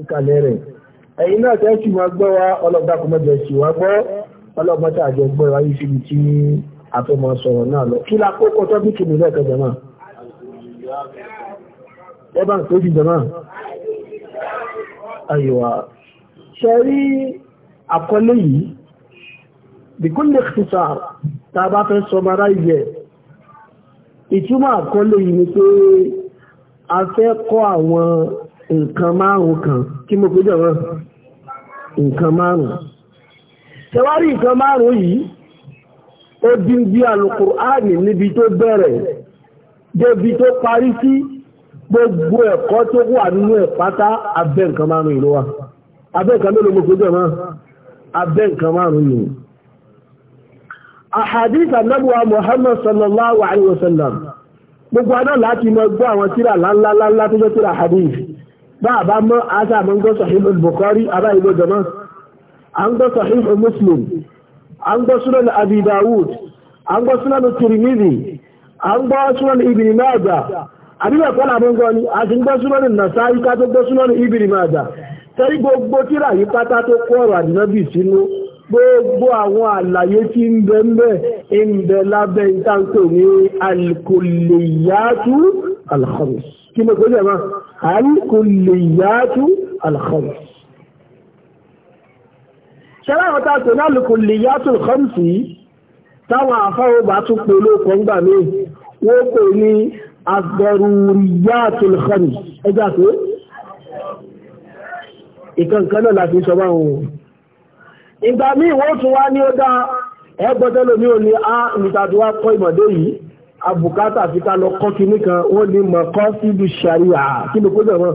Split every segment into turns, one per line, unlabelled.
ìkàlẹ̀ rẹ̀ ẹ̀yin náà tẹ́ sì máa gbọ́ wa ọlọ́gbà kò mọ́jọ sí wa gbọ́ ọlọ́gbà tá àjọ gbọ́ wa yìí síbi tí a fẹ́ máa sọ̀rọ̀ náà lọ kí la kókó tọ́bíkì mi lẹ́ẹ̀kan jẹ̀mọ́
ẹ bá ń pè jù jẹ̀mọ́
ayọ̀wà ṣe rí àkọlé yìí bìkúnlẹ̀ ṣùṣà tá a bá fẹ́ sọmara yẹ ìtumọ̀ àkọlé yìí ni pé a fẹ́ kọ́ àwọn nǹkan márùn-ún kan kí mo péjọ wọn nǹkan márùn-ún ṣẹwárí nǹkan márùn-ún yìí ó dín bí Al-Kùránì níbi tó bẹ̀rẹ̀ débi tó parí sí gbogbo ẹ̀kọ́ tó wà nínú ẹ̀ pátá abẹ́ nǹkan márùn-ún ìlú wa abẹ́ nǹkan mélòó mo péjọ wọn abẹ́ nǹkan márùn-ún yìí ahadith muhammad gbogbo aná láti mọ gbọ́ àwọn tíra tó jẹ́ bá a bá mọ́ ásà mọ́ ń gbọ́ Sahih al-Bukhari abá ìlú jọmọ́ a ń gbọ́ Sahih Muslim a ń gbọ́ Sunan Abi Dawud a ń gbọ́ Sunan Tirmidhi a ń gbọ́ Sunan Ibn Majah àbíbẹ̀ kọ́lá mọ́ ń gbọ́ ni a ti ń gbọ́ Sunan Nasa'i ká tó gbọ́ Sunan Ibn Majah tẹ́rí gbogbo tíra yìí pátá tó kó ọ̀rọ̀ àdínábì sínú gbogbo àwọn àlàyé tí ń bẹ ń bẹ ń bẹ lábẹ́ ìtàǹkò ní al-kulliyatu kí ló gbé jẹ̀mọ́ alùkùlìyàtú alkhams ṣẹlá àwọn tààtò ní alùkùlìyàtú alkhams yìí táwọn àfáwọ̀ bá tún pè lóòpọ̀ ń gbà míì wọ́n pè ní adaruriyàtú alkhams ẹjá pé ìkankan náà láti sọ bá wọn ìgbà míì wọ́n tún wá ní ó dá ò ní á nìtàdúwá kọ́ ìmọ̀dé yìí abùkátà fi ká lọ kọ́ kìíní kan wọ́n ní mọ̀ kọ́ síbi ṣàríà kí ló kójọ mọ́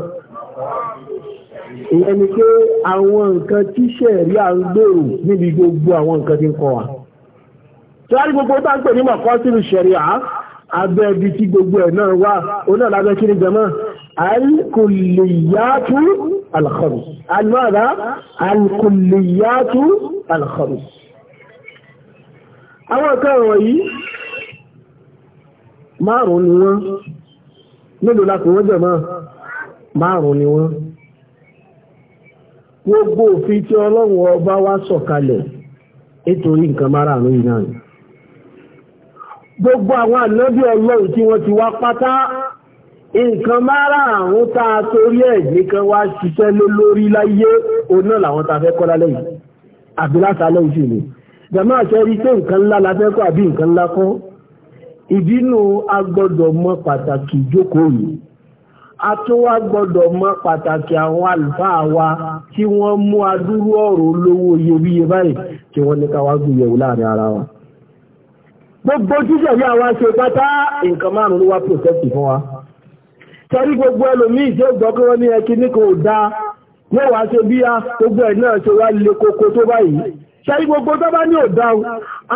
ìyẹn ni pé àwọn nǹkan tí ṣẹ̀rí à ń gbèrò níbi gbogbo àwọn nǹkan tí ń kọ́ wa tí wá ní gbogbo tá ń pè ní mọ̀ kọ́ síbi ṣàríà abẹ́ ibi tí gbogbo ẹ̀ náà wà ó náà lábẹ́ kí ni jẹmọ́ alkùlìyàtú alkhamis almada alkùlìyàtú alkhamis àwọn nǹkan wọ̀nyí márùn-ún ni wọ́n mélòó láti wọ́n jẹ̀ máa márùn-ún ni wọ́n gbogbo òfin tí ọlọ́run ọba wá sọ̀kalẹ̀ nítorí nǹkan márùn-ún yìí náà gbogbo àwọn ànábì ọlọ́run tí wọ́n ti wá pátá nǹkan márùn-ún tá a torí ẹ̀ nìkan wá ṣiṣẹ́ lórí láyé òun làwọn tá fẹ́ kọ́ lálẹ́ yìí àbí látàlẹ́ yìí sì ni jàmáà ṣe rí pé nǹkan ńlá la fẹ́ kọ́ àbí nǹkan ńlá kọ́ ìdínú agbọ́dọ̀ mọ pàtàkì ìjókòó yìí a tún wá gbọ́dọ̀ mọ pàtàkì àwọn àlùfáà wa tí wọ́n mú adúrú ọ̀rọ̀ olówó iyebíye báyìí tí wọ́n ní ká wá gbìyẹ̀wò láàrin ara wa gbogbo jíjẹ̀ ní àwọn aṣe pátá nǹkan márùn ló wá protect fún wa torí gbogbo ẹlòmíì tí ó gbọ́ pé wọ́n ní ẹkí ní kò dáa yóò wá ṣe bí a gbogbo ẹ̀ náà ṣe wá le koko tó báyìí ṣe gbogbo tó bá ní ò dáa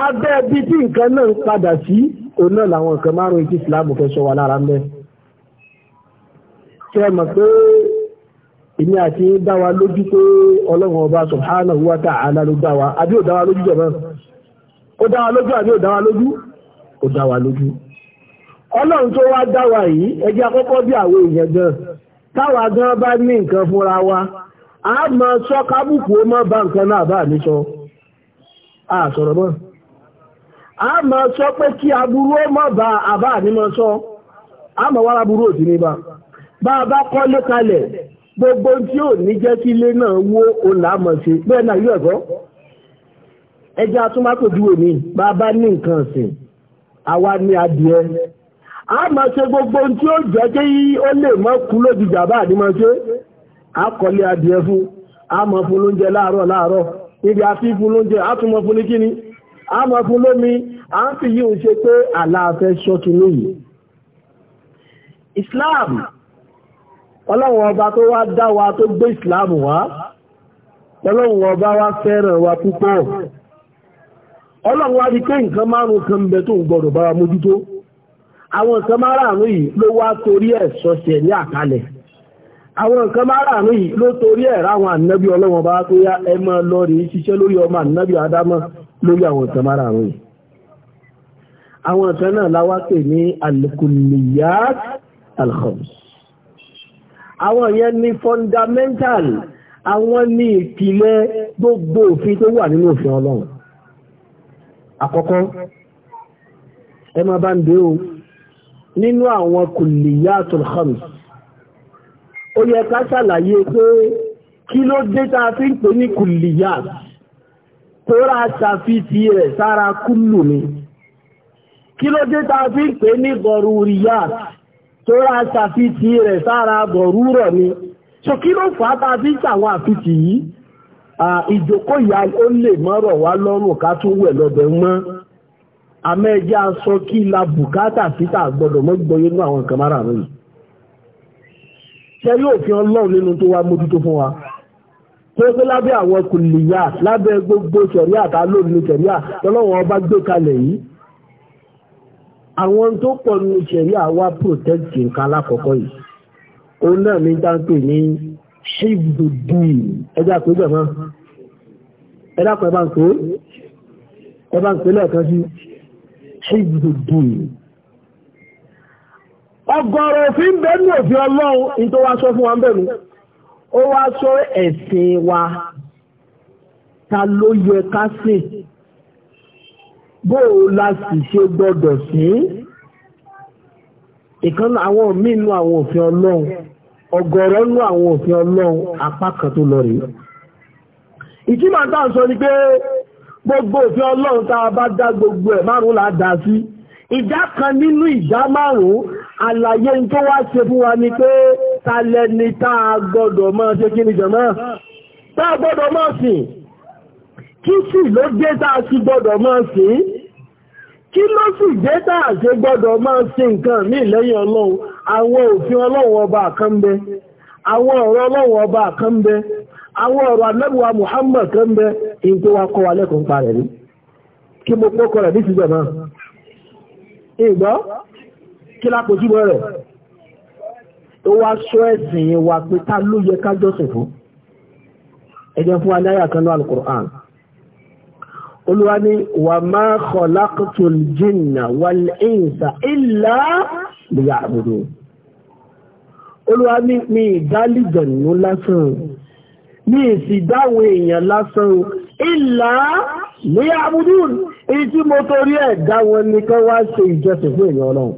abẹ́ ibi tí nǹkan náà ń padà sí òun náà làwọn nǹkan márùn-ún tí fẹ́ sọ wà lára mẹ́ ṣe mọ̀ pé èmi àti dá pé ọlọ́run ọba subhanahu wa ta'ala ló dá wa àbí ò dá wa lójú jọ̀bọ́n ó dá wa lójú àbí ò dá wa lójú ó dá wa lójú ọlọ́run tó wá dá wa yìí ẹjẹ́ akọ́kọ́ bí àwọn èèyàn gan táwa gan bá ní nǹkan fúnra wa a sọ kábùkù a máa sọ pé kí aburú ó mọ̀ bá àbá ànímọ̀ sọ a máa wára burú òdì ní bá bá a bá kọ́ lé kalẹ̀ gbogbo tí ò ní jẹ́ kí ilé náà wó olà mọ̀ sí bẹ́ẹ̀ náà yóò ẹ̀kọ́ ẹja atúmọ̀tò dúró ní bá a bá ní nǹkan ọ̀sìn àwa ní adìẹ a máa ṣe gbogbo tí ó jẹ́ kí ó lè mọ́ kú lójijì àbá ànímọ̀ ṣe a kọ́lé adìẹ fún a máa fún lóúnjẹ láàárọ̀ láàárọ̀ níbi a fi fún lóúnjẹ a tún máa fún ní kíni a mọ̀ fún lómi a ń fi yíò ṣe pé àlàáfẹ́ ṣọ́kì lóyìí Islam ọlọ́run ọba tó wá dá wa tó gbé Islam wá ọlọ́run ọba wá fẹ́ràn wa púpọ̀ ọlọ́run wá di pé nǹkan márùn kan bẹ tó ń gbọdọ̀ bá wa mójútó àwọn nǹkan márààrún yìí ló wá torí ẹ̀ sọ́sẹ̀ ní àkálẹ̀ àwọn nǹkan márààrún yìí ló torí ẹ̀ ráwọn ànábì ọlọ́run ọba tó yá ẹ máa lọ rèé ṣiṣẹ́ lórí ọmọ ànábì Ádámọ̀ lórí àwọn ìtàn mara àrùn yìí àwọn ìtàn náà láwá pè ní al-kulliyat al-khams àwọn yẹn ni fundamental àwọn ni ìpìlẹ̀ gbogbo òfin tó wà nínú òfin ọlọ́run àkọ́kọ́ ẹ máa bá ń dé o nínú àwọn kulliyat al ó yẹ ká ṣàlàyé pé kí ló dé tá a fi ń pè ní kulliyat tóra ti rẹ̀ sára kúlù mi kí ló dé ta fi ń pè ní bọ̀rúríyà tóra ṣàfihì rẹ̀ sára bọ̀rúrọ̀ mi so kí ló fà ta fi ń yìí ìjòkó ìyá ó lè mọ́rọ̀ wá lọ́rùn ká tún wẹ̀ lọ́bẹ̀ mọ́ amẹ́jẹ́ aṣọ kí la bùkátà mọ́ gbọ́yé nínú tó wá mójútó fún wa. tó tó lábẹ́ àwọn kùlìyà lábẹ́ gbogbo ṣẹ̀ríà tá lónìí ṣẹ̀ríà tọ́lọ́wọ́n ọba gbé kalẹ̀ yìí àwọn tó pọ̀ ní ṣẹ̀ríà wá protect nǹkan alákọ̀ọ́kọ́ yìí òun náà ní dáńpé ní ṣíbùdùn ẹjá pé jẹ̀mọ́ ẹjá pé bá ń pè é bá ń pè lẹ́ẹ̀kan sí ṣíbùdùn ọgọ́rọ̀ òfin bẹ́ẹ̀ ní òfin ọlọ́run ní fún wa ń bẹ̀rù ó wá sọ ẹ̀sìn wa ta ló yẹ ká sìn bó la sì ṣe gbọ́dọ̀ sí ìkan àwọn míì nú àwọn òfin ọlọ́run ọ̀gọ̀rọ̀ nú àwọn òfin ọlọ́run apá kan tó lọ rèé ìtumọ̀ tá à ń sọ ni pé gbogbo òfin ọlọ́run tá a bá dá gbogbo ẹ̀ márùn-ún dá sí ìdá kan nínú ìdá márùn-ún àlàyé tó wá ṣe fún wa ni pé talẹ́ ni táa gbọ́dọ̀ máa ṣe kí ni jọmọ́ táa gbọ́dọ̀ máa sìn kí sì ló dé tàà sí gbọ́dọ̀ máa sìn kí ló sì dé táa ṣe gbọ́dọ̀ máa nǹkan ní ọba kan àwọn ọ̀rọ̀ ọba kan àwọn ọ̀rọ̀ Muhammad wa mo rẹ̀ ní ti ìgbọ́ kí lápò síbọ̀ tó wá ṣọ́ ẹ̀sìn wa pé ta ló yẹ ká jọ́sìn fún ẹjẹ́ fún aláyà kanú al-Qur'an olúwa ni wà máa khalaqtul jinna wal insa illa liya'budun olúwa ní mi ìdálìjẹ̀nú lásán ní ìsì dáwọn èèyàn lásán ìlà ní àbúdún èyí mo torí ẹ̀ nìkan wá ṣe ìjọsìn fún èèyàn ọlọ́run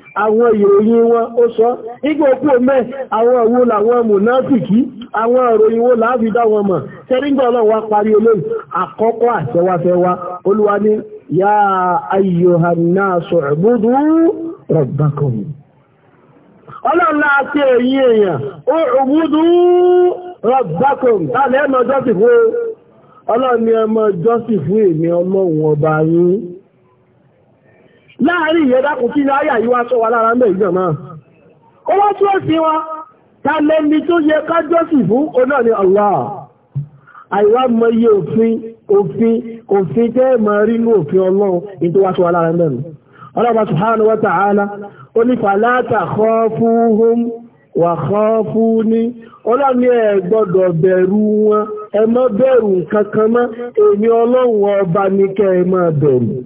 àwọn ìròyìn wọn ó sọ nígbà òkú ọmọ àwọn òwò làwọn mùnáfìkì àwọn ìròyìn wo láàfi dá wọn mọ̀ tẹ́rígbà ọlọ́run wá parí olóyìn àkọ́kọ́ àṣẹwàfẹ́wà olúwa ní yá ayyuhannasu ubudu rabbakum láàrin ìyẹn dákùn kí ní àyà yíwá sọ wà lára mẹ́ ìjọmọ́ ó wá tí ó sí wọn ta lẹ́ni tó yẹ kájọ́sì fún oná ni Allah àìwá mọ iye òfin òfin òfin tẹ́ mọ rí ní òfin ọlọ́run ní tó wá sọ wà lára mẹ́rin ọlọ́ba subhanahu wa ta'ala ó ní fàlátà khafuhum wa khafuni ọlọ́ni ẹ gbọ́dọ̀ bẹ̀rù wọn ẹ má bẹ̀rù kankan mọ́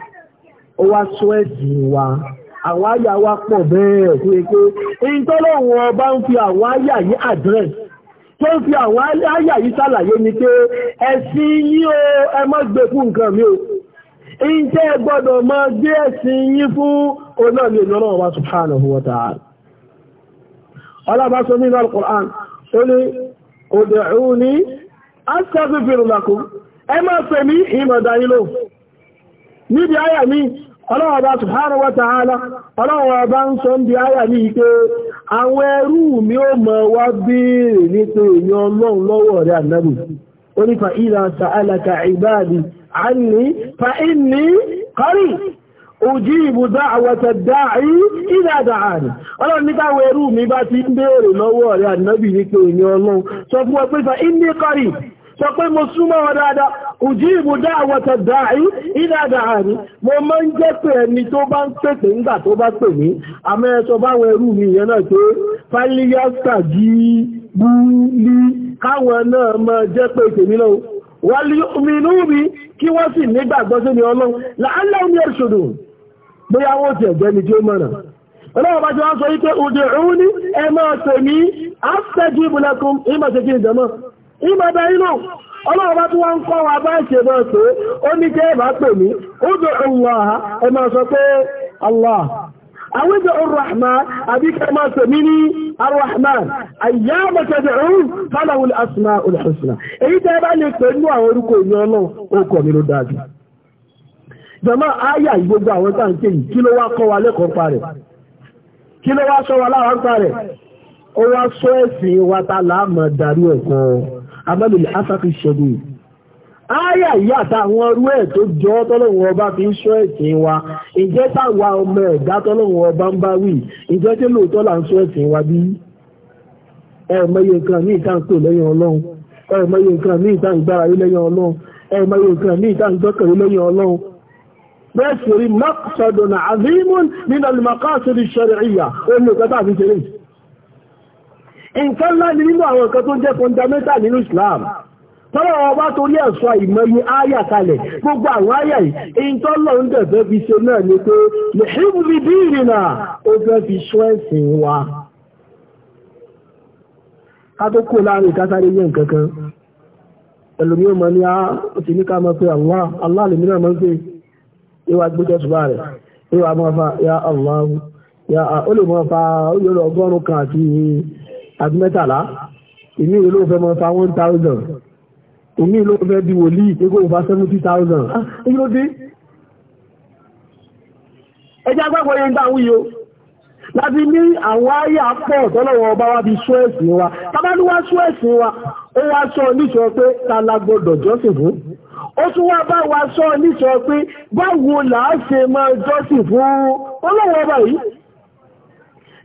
ó wá sọ ẹ̀sìn wa àwọn àyà wa pọ̀ bẹ́ẹ̀ tó yẹ pé èyí ń fi àwọn àyà yìí tó ń fi àwọn àyà yìí ni pé ẹ̀sìn yín o ẹ má gbé fún nǹkan mi o èyí tẹ́ gbọ́dọ̀ máa gbé ẹ̀sìn yín fún ọ̀nà ìlú ọlọ́run subhanahu wa ta'ala ọlọ́ba sọ al-Qur'an ó ní ud'uni astaghfir lakum ẹ má pè mí níbi àyà mi ọlọ́ọ̀bá subhanahu wa ta'ala ọlọ́ọ̀bá ń sọ ń bí ayà ní ike àwọn ẹrú mi ó mọ̀ wá béèrè èyàn ọlọ́run lọ́wọ́ rẹ̀ sa'alaka ibadi anni fa'inni kọrí ojú ibùdá àwọ̀tẹ̀ dáàí ìdàdàáni ọlọ́run ní káwọn ẹrú mi bá ti ń lọ́wọ́ rẹ̀ èyàn ọlọ́run sọ fa inni sọ pé mo súnmọ́ wọn dáadáa òjì ìbò dá àwọ̀tọ̀ dáàí ìdáadà àrí mo máa ń jẹ́ pé ẹni tó bá ń pèpè ńgbà tó bá pè mí àmọ́ ẹ sọ báwọn ẹrú mi yẹn náà pé fálíyàtà jí búlí káwọn náà máa jẹ́ pé tèmi náà wọ́n lé omi inú mi kí wọ́n sì nígbàgbọ́ sí ni ọlọ́run làálẹ́ omi ẹ̀ṣọ́dù bóyá wọ́n ti ẹ̀gbẹ́ ni tí ó mọ̀ràn ọlọ́wọ́ bá ti wá sọ wípé òdè òun ní ẹ máa tèmi áfẹ́jú ìbùlẹ̀kùn ìmọ̀ ìbàdà inú ọlọ́ọ̀bá tí wọ́n ń kọ́ wa bá ṣe náà tó ó ní jẹ́ ẹ̀bá pè mí ó dùn ẹ máa sọ pé Allah àwíjọ Ar-Rahman àbí máa sọ mí ní Ar-Rahman àyà mọ̀tẹ̀dẹ̀ òun fáláwùl asma èyí tẹ́ bá lè ní àwọn orúkọ ọlọ́run ló dájú jọmọ́ ìgbogbo àwọn yìí kí ló wá kọ́ wa lẹ́kọ̀ọ́ pa rẹ̀ kí ló wá sọ wa láwọn pa rẹ̀ amábìlì asáfi ṣẹ̀dùn ááyà ìyá àtàwọn ọrú ẹ̀ tó jọ tọ́lọ́wọ́ ọba fi ń ṣọ́ ẹ̀sìn wa ǹjẹ́ táwa ọmọ ẹ̀dá tọ́lọ́wọ́ ọba ń bá wì ǹjẹ́ tí lóòótọ́ là ń ṣọ́ ẹ̀sìn wa bí ẹ̀ẹ̀mọye nǹkan ní ìta ń pè lẹ́yìn ọlọ́run ẹ̀ẹ̀mọye nǹkan ní ìta ń gbára rí lẹ́yìn ọlọ́run ẹ̀ẹ̀mọye nǹkan ńlá ni nínú àwọn nǹkan tó jẹ́ fundamental nínú Islam tọ́lọ̀ ọba torí ẹ̀sọ́ kalẹ̀ gbogbo àwọn áyà yìí tọ́lọ̀ ń dẹ̀fẹ́ fi ṣe náà ni pé lèṣíbùbí bí ìrìnà ó fẹ́ fi ṣọ́ ẹ̀sìn wa ká tó kó láàrin ìkásáré àti mẹ́tàlá èmi ìwé ló fẹ́ mọ fa one thousand èmi ìwé ló fẹ́ di wòlíì pé kó o fa seventy thousand èyí ah, ló dé ẹjẹ́ agbẹ́gbọ́ yẹn dá wíyo láti ní àwọn ayà pọ̀ tọ́lọ̀wọ̀ ọba wa bí sọ ẹ̀sìn wa tàbí wá sọ ẹ̀sìn wa ó wá sọ níṣọ́ pé talagbọ́dọ̀ jọ́sìn fún ó tún wá bá wa sọ níṣọ́ pé báwo làá ṣe máa jọ́sìn fún ọlọ́wọ́ ọba yìí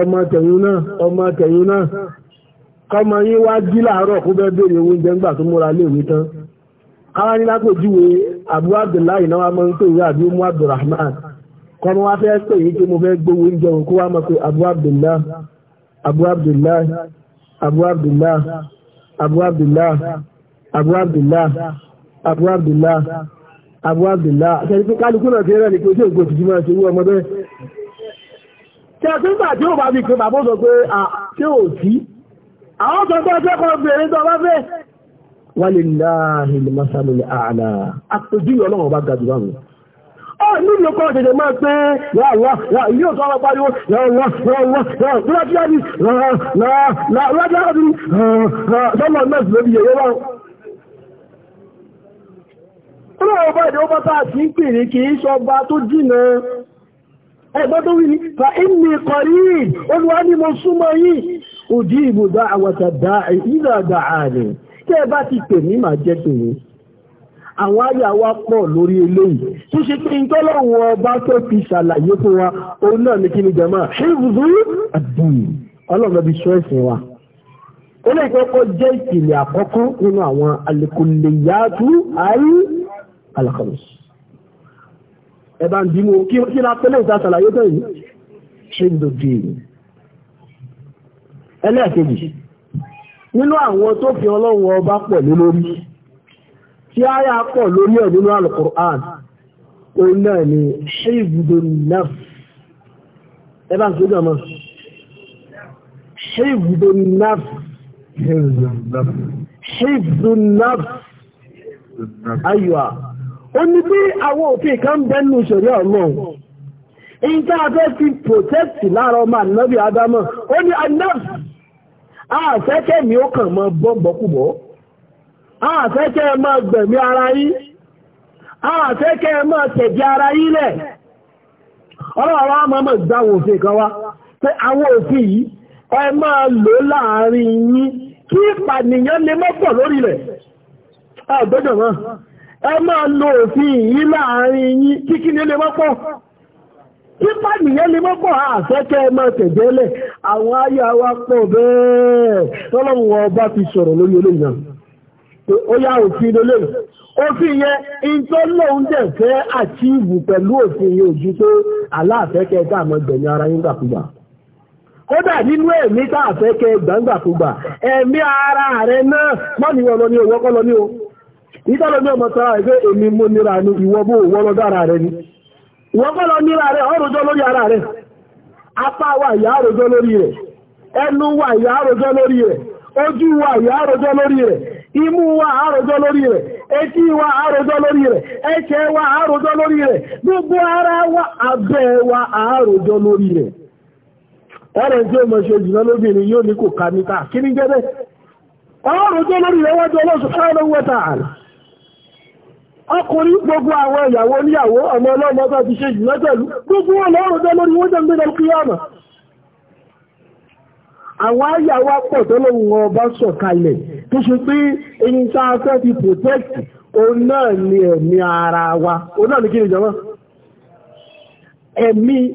ọmọ tẹ̀yìn náà ọmọ tẹ̀yìn náà kọmọ yín wá jí láàárọ̀ kó bẹ́ẹ̀ béèrè oúnjẹ ńgbà tó múra léèwé tán káwá ní lápòjúwe abu abdullahi náà wá máa ń pè wí àbí umu abdulrahman kọmọ wá fẹ́ pè yí pé mo fẹ́ gbowó oúnjẹ òun kó wá máa pe abu abdullahi abu abdullahi abu abdullahi abu abdullahi abu abdullahi abu abdullahi abu abdullahi àti náà ti rẹ́ ni pé ó ṣe ògbó òtítí máa ṣe wú ọmọ bẹ́ẹ̀ tẹ́gbẹ́gbà tí ó bá fi pé bàbá sọ pé à tí ó tí àwọn ọ̀sọ̀gbọ́ ọ̀sẹ́kọ̀ obìnrin tó bá fẹ́ wà lè láàrin lè máa sáré ààlà àpèjúwe ọlọ́run bá ga jù bá wọn ọ nílùú kan tètè máa pé yàwá yóò tó ọmọ bá ìdíwọ́ bá tá a ti sọ ọba tó jìnà ẹgbọ́n tó wí ní fa inni qarib olúwa ní mo súnmọ́ yìí òjì ìbùdó àwọ̀tà ìdàdà ààrẹ kí ẹ bá ti pè ní màá jẹ́ tèmi àwọn àyà wa pọ̀ lórí eléyìí tó ṣe pé ń tọ́lọ́wọ́ ọba tó fi ṣàlàyé fún wa òun náà ní kí ni jẹ́mọ́ ṣíbùdó àdùn ọlọ́run ẹbí sọ ẹ bá ń bímọ kí la pẹ́lẹ́ ìta ṣàlàyé tẹ̀ yìí ṣe ń dòdì ẹlẹ́ẹ̀kejì nínú àwọn tó fi ọlọ́run ọba pọ̀ ní lórí tí a yà pọ̀ lórí ẹ̀ nínú alukur'an òun náà ni ṣe ìbùdó náà ẹ bá ń sójú ọmọ ṣíbdù náf ṣíbdù náf ayọ́à ó ní pé àwọn òfin kan bẹ́nu ìṣòrí ọ̀run ìjọ afẹ́ fi protect lára ọmọ ànábì adámọ̀ ó ní anáàbì àfẹ́kẹ́ mi ó kàn mọ́ bọ́m̀bọ́kúbọ́ àfẹ́kẹ́ mọ́ gbẹ̀mí ara yín àfẹ́kẹ́ mọ́ tẹ̀dí ara yín lẹ̀ ọlọ́rọ̀ a máa gbá àwọn òfin kan wá pé àwọn òfin yìí ẹ máa lò láàrin yín kí ìpànìyàn lè mọ́pọ̀ lórí rẹ̀ náà ẹ máa lo òfin yìí láàrin yín kíkí ní lè mọ́pọ̀ tí pàdìyàn lè mọ́pọ̀ àfẹ́kẹ́ ẹ máa tẹ̀jẹ́lẹ̀ àwọn ayé wa pọ̀ bẹ́ẹ̀ tọ́lọ́run ọba ti sọ̀rọ̀ lórí olóyìn náà ó yá òfin lélẹ̀ òfin yẹn in tó lóun dẹ̀ fẹ́ àchíìvù pẹ̀lú òfin yẹn tó aláàfẹ́kẹ́ tá àmọ́ gbẹ̀mí ara yín gbàkúgbà kódà nínú ẹ̀mí tá ara náà ìtọ́lọ ní ọmọ tọ́ra ẹgbẹ́ èmi mo nira ní ìwọ bó wọ́n lọ dára rẹ lọ nira rẹ ọrùjọ lórí ara rẹ apá wa ìyá àròjọ lórí rẹ ẹnu wa ìyá àròjọ lórí rẹ ojú wa ìyá lórí rẹ imú lórí rẹ etí lórí rẹ wa lórí rẹ gbogbo ara wa abẹ́ wa lórí rẹ tí ṣe jùlọ lóbìnrin yóò ní kò kí lórí lọ́sùn ọkùnrin gbogbo àwọn ìyàwó níyàwó ọmọ ọlọ́mọ tó ti ṣe jùlọ gbogbo wọn lọ́rùn jẹ́ lórí wọ́n jẹ́ ń gbẹ́dẹ̀ kí ọ̀nà àwọn ayàwó ọba sọ̀kalẹ̀ tó ṣe pé fẹ́ protect ni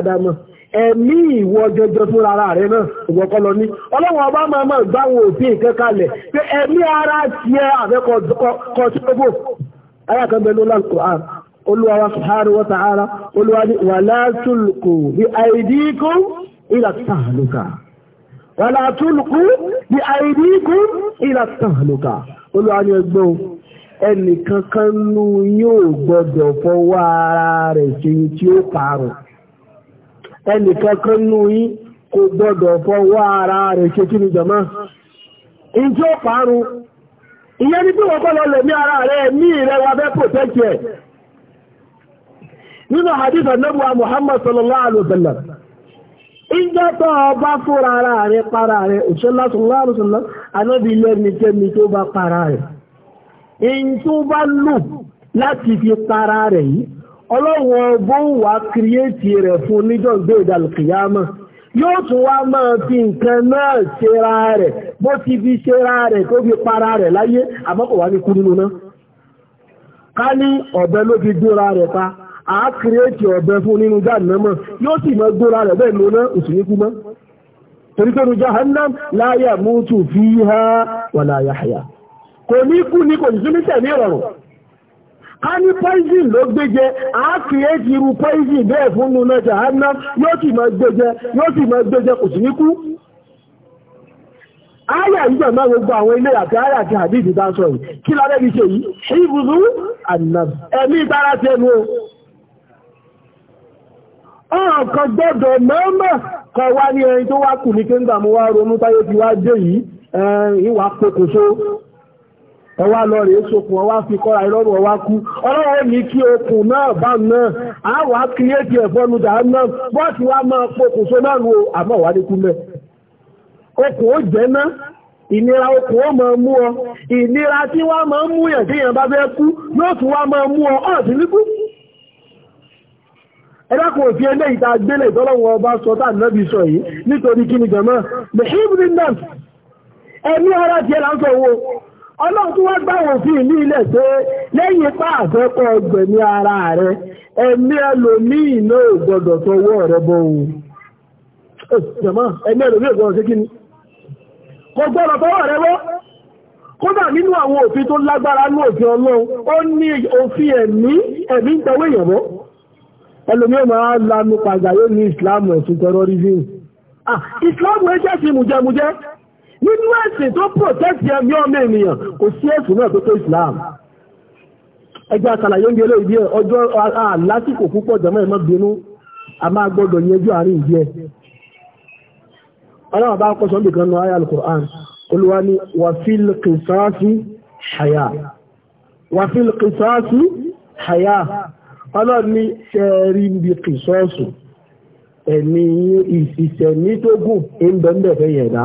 ẹ̀mí ẹ̀mí ìwọ jọjọ tó rárá rẹ̀ náà ìwọ̀kọ́ lọ ní ọlọ́wọ̀n ọba máa máa gbáwọn òfin ìkẹ́kalẹ̀ pé ẹ̀mí ara ti ẹ àfẹ́kọ̀ọ́ tí ó bò ayákanbẹ̀lú lálùkùrán olúwa subhanahu wa ta'ala olúwa ní wala tulqu bi aydikum ila tahluka wala tulqu bi aydikum ila tahluka olúwa ní ẹgbẹ́ ẹnìkankan nú yóò gbọdọ̀ fọwọ́ ara rẹ̀ ṣe tí ó parun ẹnìkankan nù yín kò gbọ́dọ̀ fọwọ́ ara rẹ̀ ṣe kí ni jọmọ́ ìjọ ó ìyẹn ni bí wọ́n kọ́ lọ lẹ̀mí ara rẹ̀ ní ìrẹwà ẹ̀ nínú Muhammad sallallahu alaihi wa sallam ìjọ tó ara rẹ̀ para rẹ̀ òṣèlá sallallahu alaihi wa sallam tó bá para rẹ̀ ìjọ bá ọlọ́run bó ń wá kírìẹ́tì rẹ̀ fún oníjọ́gbé ìdàlùkìyàmà yóò tún wá máa fi nǹkan náà ṣera rẹ̀ bó ti fi ṣera rẹ̀ tó fi para rẹ̀ láyé wá ní kú nínú náà ká ní ọ̀bẹ ló fi rẹ̀ pa ọ̀bẹ fún nínú yóò sì máa rẹ̀ bẹ́ẹ̀ lóná mọ́ torí pé nu jahannam wala kò ní kú ní kò ní sí ní a ní poison ló gbéjẹ a kìí ru poison bẹ́ẹ̀ fún nuna jahanna yóò sì máa gbéjẹ yóò sì máa gbéjẹ kò sí ní kú ayà ìjọ náà gbogbo àwọn ilé àti ayà àti àdíjì bá sọ yìí kí lárẹ́ ní ṣe yìí ibùdó ẹ̀mí ìtara ti ẹnu o ọ̀kan gbọ́dọ̀ mọ́mọ́ kọ wá ní ẹni tó wá kù ní kéńgbà mú wá ronú táyé ti wá dé yìí ìwà pokùnso ẹwà lọ rèé sokùn ọwá fi kọ́ra ìrọ́rùn ọwá kú ọlọ́run ní kí okùn náà bá náà a wà á kírédì ẹ̀fọ́nu dà náà bọ́ọ̀sì wa máa pokùnso náà lu àmọ́ wà á mẹ́. okùn ó jẹ́ ná ìnira okùn ó máa mú ọ ìnira tí wá máa mú yàn tí yàn bá fẹ́ kú yóò tún wá máa mú ọ ọ̀sì níkú. ẹ dákun òfin eléyìí tá gbélé ìtọ́lọ́wọ́ ọba sọ tá ànábì sọ yìí nítorí kí ni jọ̀mọ́ ọlọ́run tó wá gbá òfin ní ilẹ̀ pé lẹ́yìn ipá àfẹ́kọ́ ọgbẹ̀mí ara rẹ ẹ̀mí ẹlòmíì náà ò gbọdọ̀ tọwọ́ rẹ bọ òun jẹ̀mọ́ ẹ̀mí ẹlòmíì ò gbọdọ̀ sí kí ni kò gbọdọ̀ tọwọ́ rẹ bọ́ kódà nínú àwọn òfin tó lágbára ní ah ìsìlámù ẹ̀jẹ̀ sí mùjẹmùjẹ nínú ẹ̀sìn tó protect ẹ̀mí ọmọ ènìyàn kò sí ẹ̀sùn náà tó tó Islam ẹgbẹ́ àtàlàyé ń gbélé ìdí ọjọ́ lásìkò púpọ̀ jọmọ́ ẹ̀mọ́ bínú a máa gbọ́dọ̀ yẹjú àárín ìdí ẹ̀ ọlọ́wọ́ bá kọ́ sọ́ndì kan nù ayé alukur'an olúwa ni wàfíl kìsáàsì ṣàyà wàfíl kìsáàsì ṣàyà ọlọ́ni ṣẹ́ẹ̀rí bí kìsọ́ọ̀sù ẹ̀mí ìsìsẹ̀mí tó gùn ń bẹ́ẹ̀ bẹ́ẹ̀ yẹ̀dá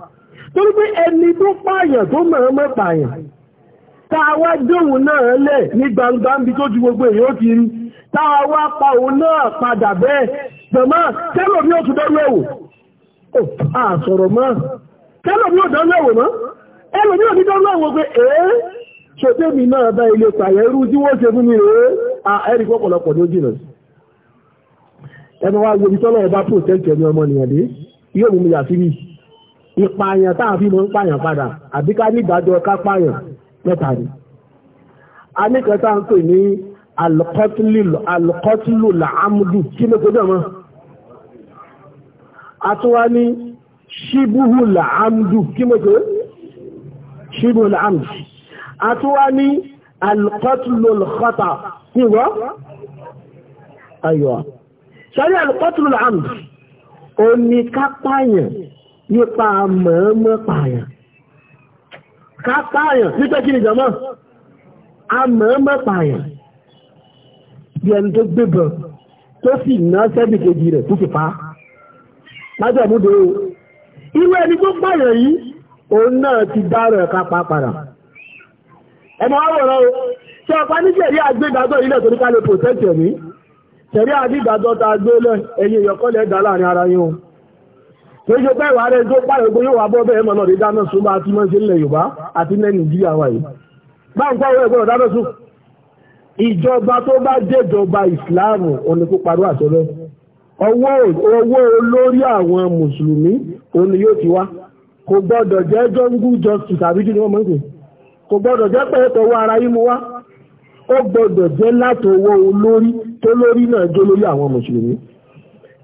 torí pé ẹni tó pààyàn tó mọ̀ọ́mọ̀ pààyàn táwa dóhùn náà lẹ̀ ní gbangba níbi tó ju gbogbo èyí ó ti rí táwa pa òun náà padà bẹ́ẹ̀ gbọ̀mọ́ kẹ́lò mi ò tún dánwò ẹ̀wò àsọ̀rọ̀ mọ́ kẹ́lò mi ò dánwò ẹ̀wò mọ́ ẹlò mi ò ní dánwò ẹ̀wò pé èé ṣòtẹ́ mi náà bá ilé pààyàn irú tí wọ́n ṣe fún mi rèé ẹ̀rí pọ̀pọ̀lọpọ̀ ló jìnà ẹnu wa wo tọ́lọ́ ọba protect ẹni ọmọ nìyàn dé yóò mú mi yà sí mi ìpààyàn táà fi mọ́ ń pààyàn padà àbí ká nígbàjọ́ ká pààyàn mẹ́ta ni a ní kẹta ń pè ní alkọ́tìlù làámùdù kí ló kójọ mọ́ a tún wá ní ṣíbùhù làámùdù kí ló kó ṣíbùhù làámùdù a tún wá ní alkọ́tìlù lọ́kọ́tà kí wọ́n ayọ̀ nípa mọ̀ọ́mọ́ pààyàn ká pààyàn nípa kí ni jọmọ́ a mọ̀ọ́mọ́ pààyàn bí ẹni tó gbébọn tó sì ná sẹ́bì kejì rẹ̀ tó sì pa lájọ́ múdò irú ẹni tó pààyàn yìí òun náà ti dárò ẹ̀ká pa padà ẹmọ àwòrán o ṣe ọ̀pá ní ṣẹ̀rí àgbédájọ́ ilẹ̀ tó ní ká lè pòtẹ́tì ẹ̀mí ṣẹ̀rí àgbédájọ́ ta gbé lẹ̀ ẹ̀yìn ìyọkọ́lẹ̀ dá láàrin ara yín o tó ṣe pé ìwà rẹ̀ tó pààrọ̀ pé yóò wá bọ́ bẹ́ẹ̀ mọ̀ náà lè dáná sun bá a ti máa ń ṣe nílẹ̀ Yorùbá àti ní Nàìjíríà wa yìí báńkọ́ ọ̀rọ̀ ẹ̀gbọ́n dáná sun ìjọba tó bá jẹ́jọba ìsìláàmù òní kó parọ́ àtọ́lẹ́ ọwọ́ olórí àwọn mùsùlùmí òní yóò ti wá kò gbọ́dọ̀ jẹ́ jungle justice àbí kí ni wọ́n mọ̀ pé kò gbọ́dọ̀ jẹ́ pé tọwọ́ ara yín mu wá ó gbọ́dọ̀ jẹ́ látọwọ́ olórí tó lórí náà jẹ́ lórí àwọn mùsùlùmí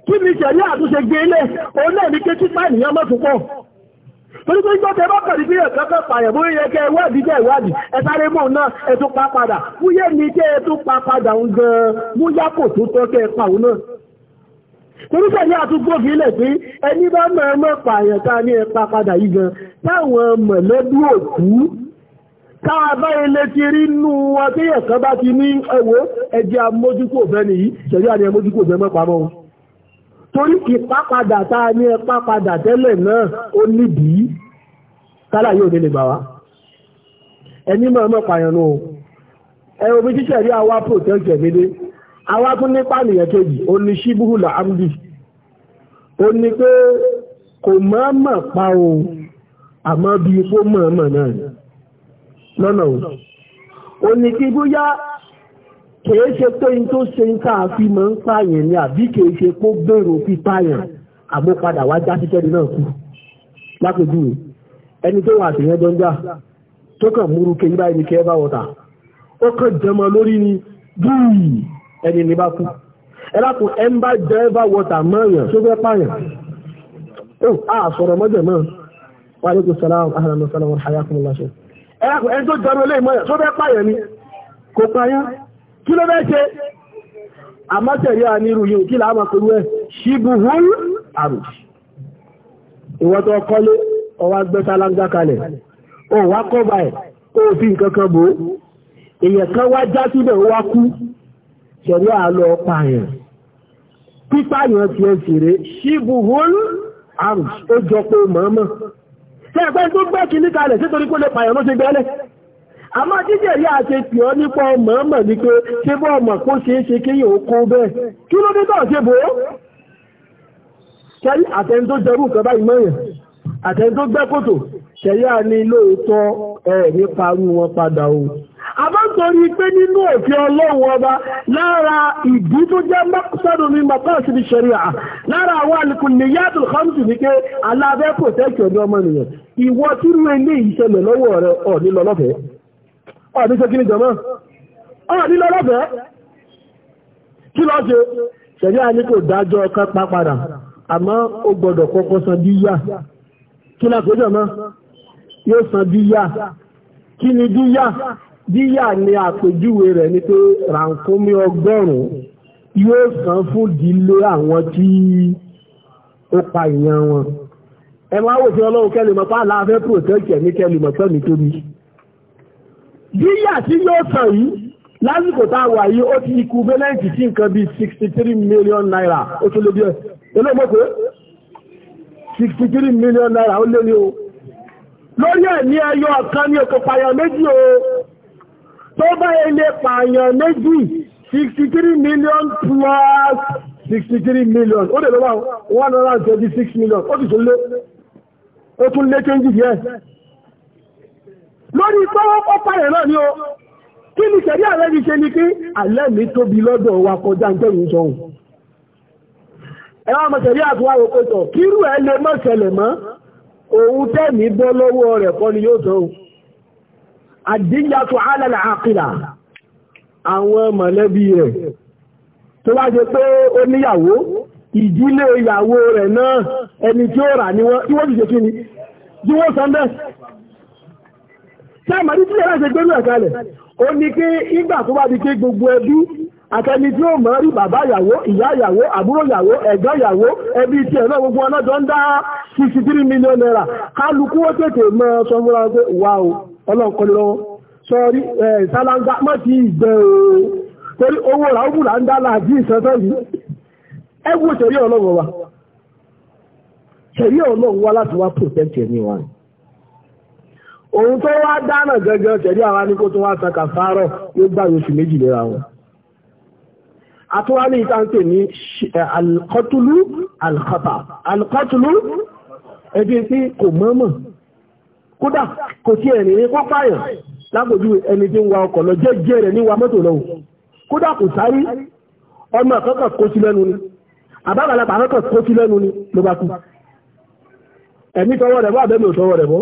kí ni ṣẹ̀rí àtúnṣe gbé ilé òun náà ní kétí pàníyàn mọ́ tún pọ̀ torí pé ìjọ́ tẹ́bọ́ kọ̀ ní bí ẹ̀kọ́ kọ́ pààyàn bóyá yẹ kẹ́ ìwádìí jẹ́ ìwádìí ẹ̀sáré mọ̀ náà ẹ̀tún pa padà wúyé ní kẹ́ ẹ̀tún pa padà ń gan múyá kò tó tọ́ kẹ́ ẹ̀ pa òun náà torí sẹ́ni àtúgbòfin ilẹ̀ pé ẹni bá mọ̀ ẹmọ́ pààyàn ta ní ẹpa padà yìí gan táwọn mọ̀lẹ́bí òkú káà bá ilé ti rí nú wọn tí ẹ̀kan bá ti ní ẹwọ́ ẹjẹ́ amójúkò fẹ́ nìyí sẹ́ni àti amójúkò fẹ́ mọ́ pamọ́ torí ìpápadà tá a ní ẹpápadà tẹ́lẹ̀ náà ó nídìí kálà yóò délé gbà wá ẹni mọ̀ ọmọ pààyàn nù ẹ̀rọ bí títẹ̀ rí àwa protect ẹ̀mídé àwa tún ní pànìyàn kejì ó ní ṣíbùhù làámdì ó ní pé kò mọ̀ọ́mọ̀ pa o àmọ́ bí ipò mọ̀ọ́mọ̀ náà lọ́nà o ní kí bóyá kìí ṣe pé in tó ṣe ń káà fi mọ́ ń pààyàn ni àbí ṣe kó gbèrò fi pààyàn àmọ́ wá já náà kú lápẹjú ẹni tó wà àtìyàn jọjá tó kàn múrú báyìí ní kẹ́ bá wọ́ta ó kàn jẹmọ lórí ni ẹni ní bá kú ẹ ń bá jẹ bá wọ́ta mọ́yàn tó fẹ́ pààyàn ó à sọ̀rọ̀ mọ́jẹ̀ kí ló bẹ́ ṣe àmọ́tẹ̀rí ànírù yìí kí láàmà pẹ̀lú ẹ̀ ṣíbùhún àrùn ìwọ́n tó ọwá gbẹ́ta lágbá kalẹ̀ o wá kọ́bà ẹ̀ o fi nǹkan kan bò ó èèyàn kan wá já síbẹ̀ ó wá kú ṣẹ̀rí àlọ́ pààyàn pípààyàn ti ẹ̀ fèrè ṣíbùhún àrùn ó jọ pé mọ̀ọ́mọ̀ tẹ́ẹ̀pẹ́ tó àmọ́ jíjẹ̀ yá ṣe tì ọ́ nípa ọmọ ọmọ ni pé ṣé bọ́ ọmọ kó ṣeé ṣe kí yóò kó bẹ́ẹ̀ kí ló dé tó ṣe bò ó. kẹ́rí àtẹni tó jẹ́rú nǹkan báyìí mọ́yàn àtẹni tó gbẹ́ kòtò ṣẹ̀yà ni lóòótọ́ ẹ̀ nípa rú wọn padà o àmọ́ nítorí pé nínú òfin ọlọ́run ọba lára ìdí tó jẹ́ sọ́dún ní mọ̀kọ́ọ̀sì ní ṣẹ̀ríà lára àwọn alìkùnlẹ̀yàtò khamsi ní pé alábẹ́ pòtẹ́kì ọ̀dọ́ ọmọnìyàn ìwọ tí rú ilé ìṣẹ̀lẹ̀ lọ́wọ́ rẹ̀ ọ̀ nílọ ọ̀dí ah, ṣe kí ni jọmọ́ ọ̀dí ah, lọ́lọ́fẹ́ kí lọ́ ṣe ṣẹ̀rí àní kò dájọ́ ọkàn pa padà àmọ́ ó gbọ́dọ̀ kọ́kọ́ san díyà kí lọ́ pé jọmọ́ yóò san díyà kí ni díyà díyà ni àpèjúwe rẹ̀ ni pé ràǹkómi ọgọ́rùn-ún yóò san fún ìdílé àwọn tí ó pa ìyàn wọn ẹ máa wò sí ọlọ́run kẹlùmọ̀ pàálà afẹ́ protect ẹ̀mí kẹlùmọ̀ pẹ̀mí tóbi díyà tí yóò sàn yìí lásìkò tá a wà yìí ó ti ikú bẹ́lẹ́ǹtì sí nǹkan bíi sixty three million naira ó tó lé díẹ̀ olóògbé sixty three million naira ó lé ní o lórí ẹ̀ ní ẹyọ ọ̀kan ní oko pààyàn méjì o tó bá ilé pààyàn méjì sixty three million plus sixty three million ó dẹ̀ lọ́wọ́ one hundred and twenty six million ó ti tún lé ó tún lé change yẹn lórí tọ́wọ́ pọ́pá rẹ̀ náà ni ó kí ni ṣẹ̀rí ààrẹ ní ṣe ni pé alẹ́ tóbi lọ́dọ̀ wa kọjá ìjọyìn sọ́hun ẹwà ọmọ ṣẹ̀rí àtúwà òkú tọ̀ kírú ẹ lè mọ́ ṣẹlẹ̀ mọ́ òun tẹ́mi bọ́ lọ́wọ́ rẹ̀ kọ́ ni yóò sọ́hun àdíyàtò alẹ́lẹ̀ àkìlà àwọn mọ̀lẹ́bí rẹ̀ tó wá ṣe pé ó níyàwó ìdílé sáàmà ní tíyẹ̀ láti gbé náà ó ní kí ìgbà tó bá di pé gbogbo ẹbí àtẹni tí ó mọ̀ rí bàbá ìyàwó ìyá ìyàwó àbúrò ìyàwó ẹ̀gbọ́n ìyàwó ẹbí tí gbogbo ń dá sixty three million naira kálukú ó tètè mọ pé wà ó sọrí ẹ̀ sálángá o torí owó ràúbù là ń dá yìí ṣẹ̀rí ọlọ́run wa ṣẹ̀rí ọlọ́run wa láti wá ẹ̀mí òun tó wá dáná gẹ́gẹ́ tẹ̀lé àwọn aníkó tó wá san kàfárọ̀ yóò gbà oṣù méjì lera wọn àtúwálé ìtànkè ní alkọtulú alkọta alkọtulú ẹbí tí kò mọ́mọ̀ kódà kò tí ẹ̀rìn ní pápáyàn lápòjú ẹni tí ń wa ọkọ̀ lọ jẹ́jẹ́ rẹ̀ ní wa mọ́tò lọ́wọ́ kódà kò sáré ọmọ àkọ́kọ̀ kó sí lẹ́nu ni àbábalapà àkọ́kọ̀ kó sí lẹ́nu ni ló bá kú ẹ̀mí tọwọ́ rẹ̀ bọ́ àbẹ́mi ò tọwọ́ rẹ̀ bọ́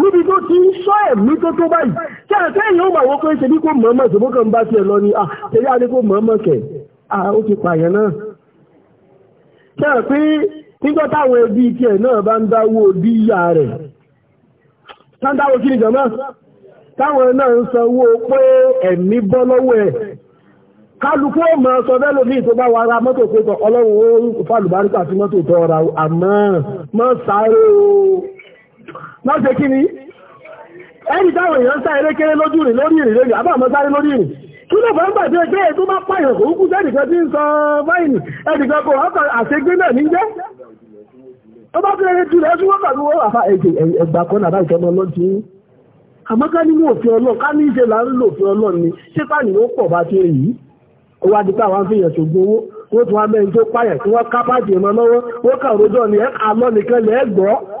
níbi tó ti ń sọ ẹ̀mí tó tó báyìí kí àtẹ́ èèyàn máa wọ́n pé ṣe bí kò mọ̀ọ́mọ̀ ṣòbó kan bá tiẹ̀ lọ ni àtẹ̀yà á ní kò mọ̀ọ́mọ̀ kẹ̀ ó ti pààyàn náà. kí àtẹ́ pé nígbà táwọn ẹbí tiẹ̀ náà bá ń dáwó díyà rẹ̀ sáńdáwó kí ni jọ̀mọ́ táwọn náà ń sanwó pé ẹ̀mí bọ́ lọ́wọ́ ẹ̀ kálukú ọmọ sọ bẹ́lò ní ìtọ́bá wa ra mọ́tò pé tọ ọlọ́run ó fàlùbáríkà sí mọ́tò tọ́ ra àmọ́ mọ́ sáré o náà ṣe kí ni ẹni táwọn èèyàn sá erékeré lójú rìn lórí ìrìn lórí àbámọ́ sáré lórí ìrìn kí ló fẹ́ ń bàjẹ́ pé tó bá pààyàn kò kú sẹ́nìkan tí ń sọ báyìí ẹnìkan kò ọkọ̀ àṣegbé náà ní jẹ́ tó bá fi ẹni jùlọ ẹjú wọ́pàá ní wọ́n àfà ẹgbà kan nàbá ìtọ́nà lọ́tí àmọ́ ká nínú òfin ọlọ́run ká ní ìṣe là ń lò òfin ọlọ́run ni ṣé pàní ó pọ̀ bá ti èyí ó wá di pé àwọn afihàn ṣògbọ́n owó wọ́n tún wá mẹ́rin tó pààyàn tí wọ́n ká bàjẹ́ mọ́ lọ́wọ́ wọ́n kà rojọ́ ni ẹ̀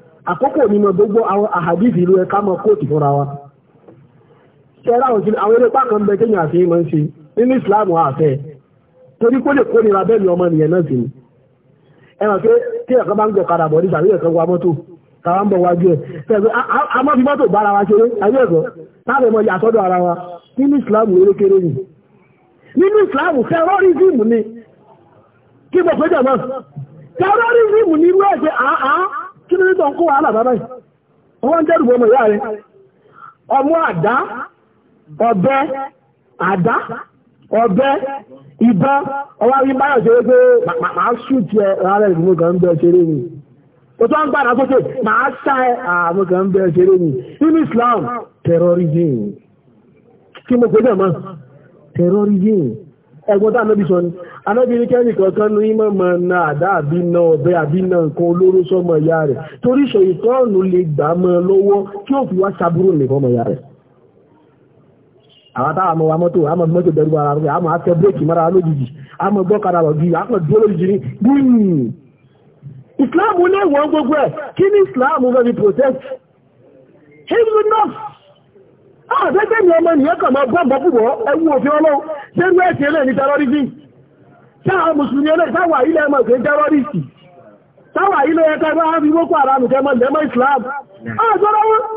àkọ́kọ́ nínú gbogbo àwọn àhàdìsì ìlú ẹ̀ká mọ́ kóòtù fúnra wa òsìn àwọn eré ń bẹ kéèyàn àti ìmọ̀ ń ṣe nínú ìsìláàmù àfẹ́ torí kó lè ni ọmọ nìyẹn náà sì ni ẹ pé kí ẹ̀kan bá ń jọ kadà bọ̀ nígbà tí ẹ̀kan wa mọ́tò káwa ń bọ̀ wájú ẹ̀ ṣẹ̀fẹ̀ àmọ́ fi mọ́tò bára wa ṣeré ẹ̀kọ́ táàbẹ̀ ara wa nínú ni nínú terrorism ni kí mo kí ní tó kó wà bàbá yìí wọ́n ń dẹ́rù ọmọ ìyá rẹ̀ ọmọ àdá ọ̀bẹ àdá ọ̀bẹ ìbọn ọwọ́ àwọn ibáyọ̀ ṣe wípé màá ṣùtì ẹ rárá ẹ̀ mo kàn ń ni o tó ń gbàdá sókè màá ṣá ẹ Islam terrorism kí mo ẹgbọ́n tá lóbi sọ ni anábìrin kẹ́rì kankan ní mọ̀mọ̀ na àdá àbí na ọ̀bẹ àbí na nǹkan olóró sọmọ ìyá rẹ̀ torí ṣe ìtọ́ọ̀nù lè gbà mọ́ lọ́wọ́ kí ó fi wá ṣàbúrò nìkan ọmọ ìyá rẹ̀ àwọn táwọn ọmọ wa mọ́tò àmọ́ mọ́tò dẹrù ara rẹ̀ àmọ́ afẹ́ bírèkì mọ́ra lójijì àmọ́ gbọ́kadà lọ bí àpọ̀ dúró lójijì ní gbìyìn ìsìláàmù lè wọ́n gbogbo ẹ̀ kí ni ìsìláàmù fẹ́ fi protest àtẹ́gbẹ́ ah, ni ọmọ ènìyàn kàn máa bọ́m̀bọ́ púpọ̀ ẹwú òfin ọlọ́run ṣé ń wẹ́ẹ̀sì ẹlẹ́ ní terrorism táwọn mùsùlùmí ẹlẹ́ táwà ilẹ̀ ẹmọ ìpín terrorist táwà ilẹ̀ ẹ̀kọ́ bá fi boko haram kẹmọ lẹ́mọ́ Islam àjọ́rọ́wọ́ ah,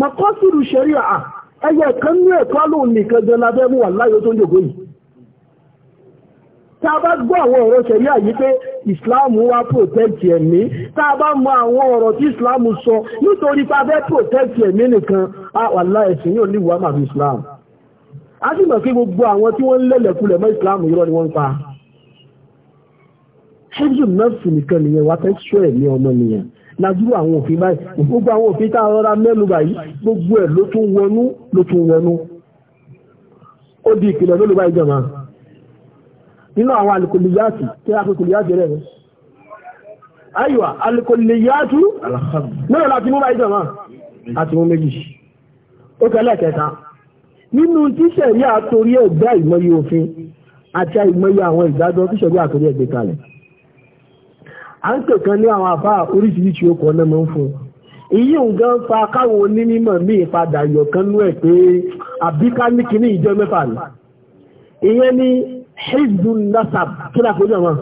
mọ̀kọ́sùrù ẹgbẹ́ kan ní ẹ̀kọ́ tá a bá gbọ́ àwọn ọ̀rọ̀ ṣẹ̀rí àyí pé ìsìláàmù wá protect ẹ̀mí tá a bá mọ àwọn ọ̀rọ̀ tí ìsìláàmù sọ nítorí pa fẹ́ protect ẹ̀mí nìkan àwàlá ẹ̀sìn yóò ní ìwà màbí ìsìláàmù a sì mọ̀ pé gbogbo àwọn tí wọ́n ń lẹ̀lẹ̀kulẹ̀ mọ́ ìsìláàmù irọ́ ni wọ́n ń pa ṣíjú nọ́ọ̀sì nìkan nìyẹn wá fẹ́ sọ ẹ̀mí ọmọ nìyẹn lájú àwọn òfin báyìí gbogbo àwọn òfin tá a rọra mẹ́nu báyìí gbogbo ẹ̀ ló tún wọnú ló tún wọnú ó di ìpìlẹ̀ mélòó báyìí jọ̀mọ́ nínú àwọn alìkòlìyàtì tí a fi kòlìyàtì rẹ̀ rẹ̀ ayíwa alìkòlìyàtì mẹ́rin láti mú báyìí jọmọ́ àti mú méjì ó tẹ́lẹ̀ kẹta nínú tíṣẹ̀rí àtorí ẹ̀gbẹ́ àìmọye òfin àti àìmọye àwọn ìdájọ́ tíṣẹ̀rí àtorí ẹ̀gbẹ́ kalẹ̀ a ń pè kan ní àwọn àbá oríṣiríṣi okò ọ̀nà mọ́ fún ìyí nǹkan fa káwọn onímọ̀ míì padà yọ̀kan nú ẹ̀ pé àbíká ní ìjọ mẹ́fà ni ìyẹn ni hizbun nasab kí ni àpèjọ wọn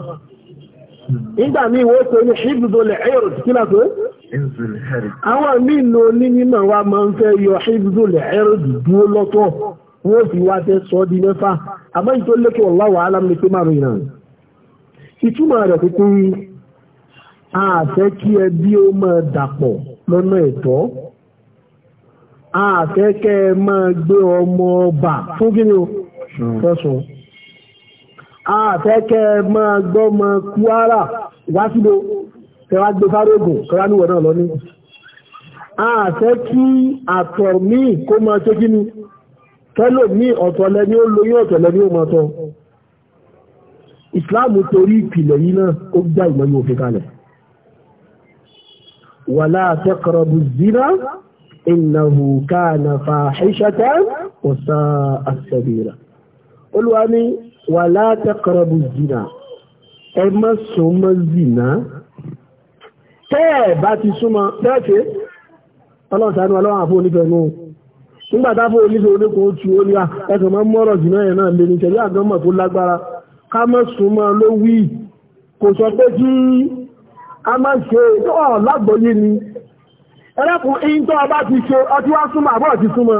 nígbà míì wọ́n pè ní hizbul ird kí ni àpè àwọn míì nù onímọ̀ wa máa ń fẹ́ yọ hizbul ird dúró lọ́tọ̀ wọ́n fi wá fẹ́ sọ di mẹ́fà àmọ́ ìtò lékè wallahu alam ní pé márùn ìrìn àrùn ìtumọ̀ rẹ̀ kúkú rí àfẹ́ kí ẹbí ó máa dàpọ̀ lọ́nà ẹ̀tọ́ àfẹ́ kẹ́ ẹ máa gbé ọmọ ọba fún gíní o fẹ́sùn àfẹ́kẹ́ máa gbọ́mọ Kwara wá síbò tẹwà gbé fárógùn kọ́lá níwọ̀n náà lọ ní àfẹ́ kí àtọ̀ míì kó máa tó kí ni kẹ́lò ní ọ̀tọ̀lẹ́ ní ó lóyún ọ̀tọ̀lẹ́ ní ó máa tọ́ ìsìláàmù torí ìpìlẹ̀ yìí náà ó gbá ìmọ̀ yóò fi kalẹ̀ wala taqrabu zina innahu kana fahishatan wa sa'a wà látàkọrọ̀bù zìnà ẹ má súnmọ́ zìnà tẹ́ẹ̀ bá ti súnmọ́ tẹ́ẹ̀fẹ́ ọlọ́sàánú ọlọ́run àfọ́ onífẹ́ nù nígbà táfọ́ onífẹ́ oníkun oṣù oníwà ẹ̀sùn máa ń mọ́rọ̀ zìnà yẹn náà lè ní tẹ̀lé àgánmọ̀ tó lágbára ká má súnmọ́ ló wí kò sọ pé kí a má ṣe ọ̀ lágbóyé ni ẹlẹ́kùn ìyíntọ́ ọba ti ṣe ọtí wá súnmọ́ àbọ̀ ti súnmọ́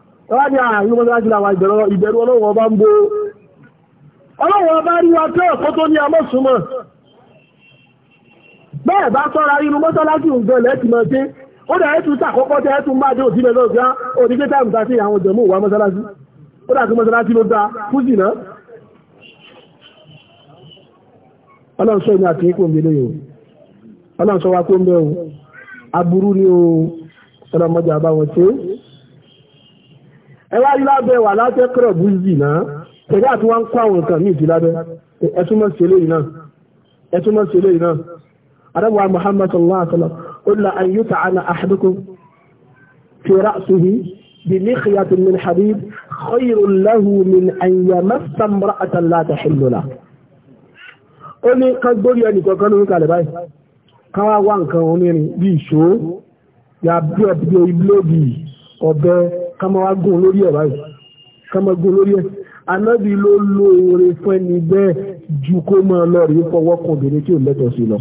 wá ní ààrùn mọ́sálásí làwọn ìbẹ̀rù ọlọ́run ọba ń bo ọlọ́run ọba rí wa tẹ́ ọ̀kọ́ tó ní amọ́sùnmọ̀ bẹ́ẹ̀ bá sọ́ra inú mọ́sálásí nǹkan lẹ́tì mọ́ sí ó dà ẹ́tù sàkọ́kọ́ tẹ́ ẹ́tù máa wa mọ́sálásí ó dà sí mọ́sálásí ló dáa fúsì náà ọlọ́run sọ ìmú àti ikú òmìnir ọlọ́run sọ wa kó ń bẹ́ o aburú ni o ọlọ́mọdé àbáwọn ṣe é ẹ wá rí lábẹ́ wà láti kúrọ̀ búzì náà tẹ̀lé àti wá ń kó àwọn nǹkan míì sí lábẹ́ ẹ túmọ̀ sí eléyìí náà ẹ túmọ̀ sí eléyìí náà adábọ̀wá Muhammad sallallahu alaihi wa sallam ó la an yóò tàcánà ahadukum fi ra'sihi bi miqyat min hadid khayrun lahu min an yamassa imra'atan la tahillu lah ó ní kan gbórí ẹnì kankan ló ń kalẹ̀ báyìí ká wá wá nǹkan onírin bí ìṣó yàbí ọ̀bí orí bílóòdì ọ̀bẹ kama wá gùn lórí ẹ̀ báyìí kama gùn lórí ẹ̀ anábì ló lo oore fún ẹni bẹ́ẹ̀ ju kó máa lọ rí fọwọ́ kan obìnrin tí ò lẹ́tọ̀ sí lọ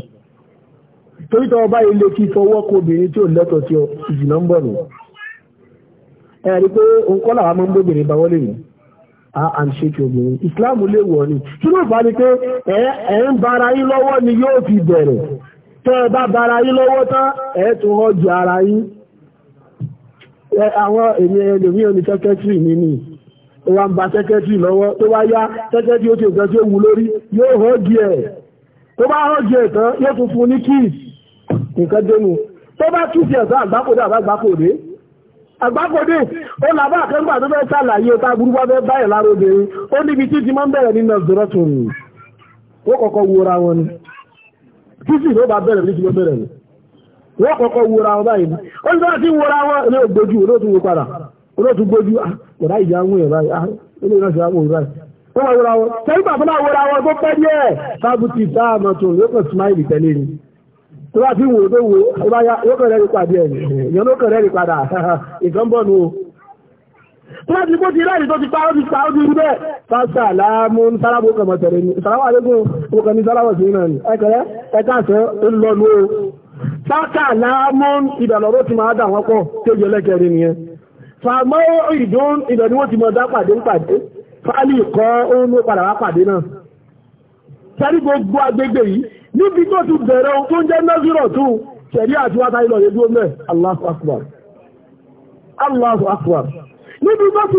torí tọ́ ọba ilé kí fọwọ́ kan obìnrin tí ò lẹ́tọ̀ sí ìjìnà ń bọ̀ nù ẹ̀ rí pé òǹkọ́ làwọn máa ń gbóbìnrin bá wọlé yìí à ń ṣètò obìnrin ìsìláàmù lè wọ̀ ni tí ló fà ní pé ẹ̀ ń bara yín lọ́wọ́ ni yóò fi bẹ̀rẹ̀ tẹ́ ẹ bá bara yín lọ́wọ́ tán ẹ̀ tún ọjọ́ ara yín àwọn èmi ẹlòmí oní sẹ́kẹ́tìrì mi ni ó wá ń ba sẹ́kẹ́tìrì lọ́wọ́ tó wá yá sẹ́kẹ́tìrì ó ti nǹkan tí ó wù lórí yóò hógi ẹ̀ tó bá hógi ẹ̀ tán yóò tún fún ní kíìs nǹkan dénú tó bá kíìsì ẹ̀ tán àgbákòdé àbágbákòdé àgbákòdé ó làbá àkẹ́gbà tó fẹ́ sàlàyé ta burú bá fẹ́ báyìí lára obìnrin ó níbi tí ti máa ń bẹ̀rẹ̀ nínú ọ̀dọ́rọ̀ tòun ó kọ̀kọ́ wúra wọn ni kíìsì ló bá bẹ̀rẹ̀ ní ti ló bẹ̀rẹ̀ ni wọ́n kọ́kọ́ wúra ọba báyìí ó ti bá ti wúra ní ògbójú olóòtú wò padà olóòtú gbójú ah, ìjà ń wúyẹ̀ báyìí ah, ilé wọ́n máa wúra wọn tẹ́lú bàbá máa wúra wọn tó pẹ́ díẹ̀ tó ti wò tó wò yóò kàn padà yẹn ló kàn padà ìkan bọ̀ nù o tó bá ti kó ti rẹ́rì tó ti pa ó ti pa ó ti rí bẹ́ẹ̀ pásítà láàmú sárábò kàn ni ní sí o bákà láàmún ìdàlọ́rọ́ ti máa dà wọ́n pọ̀ kéjọ lẹ́kẹ̀ẹ́rin ẹn fàmọ́ ìdún ìbẹ̀ wọ́n ti mọ̀ dá pàdé ń pàdé fálì kọ́ òun ló padà wá pàdé náà sẹ́rí gbogbo agbègbè yìí níbi tó ti bẹ̀rẹ̀ ohun tó ń jẹ́ nọ́sírọ̀ tó sẹ̀rí àti wáta ilọ̀ yẹn dúró mẹ́ níbi tó ti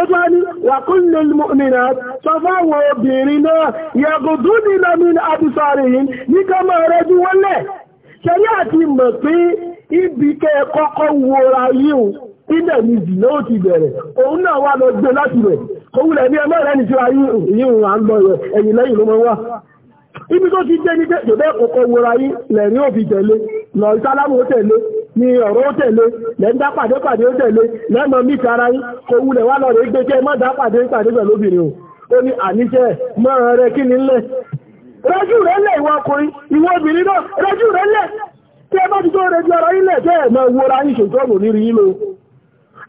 ó tó ní wàkúnlẹ̀ mọ́mìnà sọ fáwọn obìnrin náà yàgòdú ní lamin abisari yìí ní ká máa rẹ́jú wọ́lẹ̀ ṣẹ̀rí àti mọ̀ pé ibi kẹ́ kọ́kọ́ wọra yíò ilẹ̀ ní ìdìnà ti bẹ̀rẹ̀ òun náà wà lọ gbé láti rẹ̀ òwúlẹ̀ ní ẹmọ́ rẹ̀ ní a yíò ni ọ̀rọ̀ ó tẹ̀lé lẹ́ ń dápàdé pàdé ó tẹ̀lé lẹ́mọ̀ mí tara yín kò wulẹ̀ wá lọ rẹ̀ gbé kẹ́ mọ́ dápàdé pàdé pẹ̀lú obìnrin o ó ní àníṣẹ́ mọ́ rẹ kí ni ńlẹ̀ rẹ́jú rẹ̀ lẹ̀ ìwọ ọkùnrin ìwọ obìnrin náà rẹ́jú rẹ̀ lẹ̀ tí ẹ bá ti tó rẹjú ọ̀rọ̀ yín lẹ̀ tẹ́ ẹ̀ yín ṣètò ọ̀rọ̀ nírí yín lo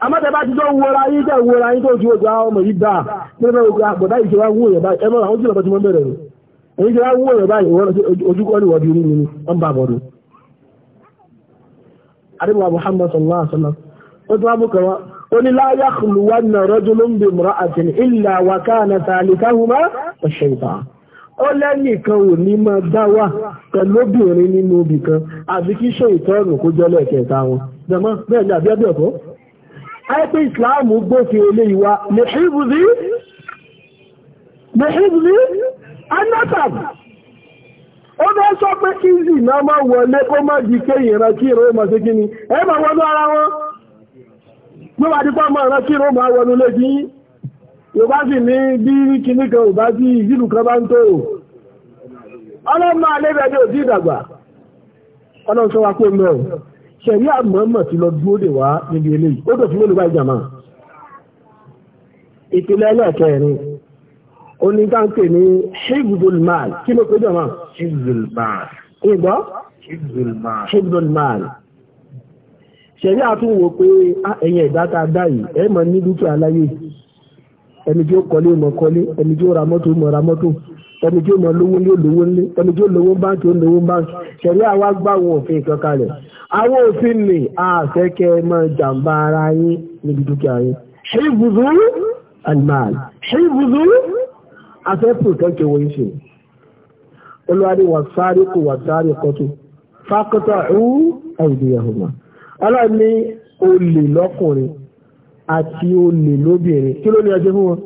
àmọ́ tẹ bá ti tó yín tẹ́ yín tó ju ojú àwọn ọmọ yìí dà di orí mi àríwá Muhammad sallallahu alaihi wasallam ó tún wá mú kàn wá ó ní la yakhluwanna rajulun bi imra'atin illa wa kana thalithahuma ash-shaytan ó lẹ́nìkan ò ní máa dá wà pẹ̀lóbìnrin nínú obì kan àbí kí ṣe ìtọ́rùn kó jọ lẹ́ẹ̀kẹta wọn jẹmọ́ bẹ́ẹ̀ ni àbí ọ̀tọ́ àìpé ìsìláàmù gbófin ilé ìwà lè ṣíbùzí anábàbù ó bẹ́ sọ pé easy náà máa wọlé kó má di kéyìn ìran kí ìran ìmọ̀ sí kíni ẹ máa wọnú ara wọn ló bá dípá máa ran kí ìran máa wọnú lé kí yorùbá sì ní bí kíní kan ò bá sí ìlú kan bá ń tó o ọlọ́mọ alẹ́bẹ̀ ní òsì ìdàgbà ọlọ́run sọ wa pé mẹ́ o ṣẹ̀rí àmọ́mọ̀ ti lọ dúró dè wá níbi eléyìí ó onígbàǹkè ní ṣíbùdùlmáàlì kí ló péjọ máa ṣíbùdùlmáàlì ìgbọ́ ṣíbùdùlmáàlì ṣẹ̀rí àtúnwò pé ah, ẹ̀yẹ ìdáta dá yìí ẹ mọ̀ ní dúkìá láyé ẹni tí ó kọ́lé mọ̀ kọ́lé ẹni tí ó ra mọ́tò mọ̀ ra mọ́tò ẹni tí ó mọ̀ lówó ní olówó ní ẹni tí ó lówó báńkì ó lówó báńkì ṣẹ̀rí àwa gbá àwọn òfin kankan rẹ̀ àwọn òfin ni àfẹ́kẹ́ máa jàǹbá ara yín níbi dúkìá yín ṣé ibùdó àlùmáàlì ṣé ibùdó afẹ́ protect wọn ṣe olùwárí wà sáré kò wà sáré kọ́tù fákọ́tà ẹ̀wú àìdíyàwó ọlọ́run ní olè lọ́kùnrin àti olè lóbìnrin kí ló ní ẹjẹ́ fún wọn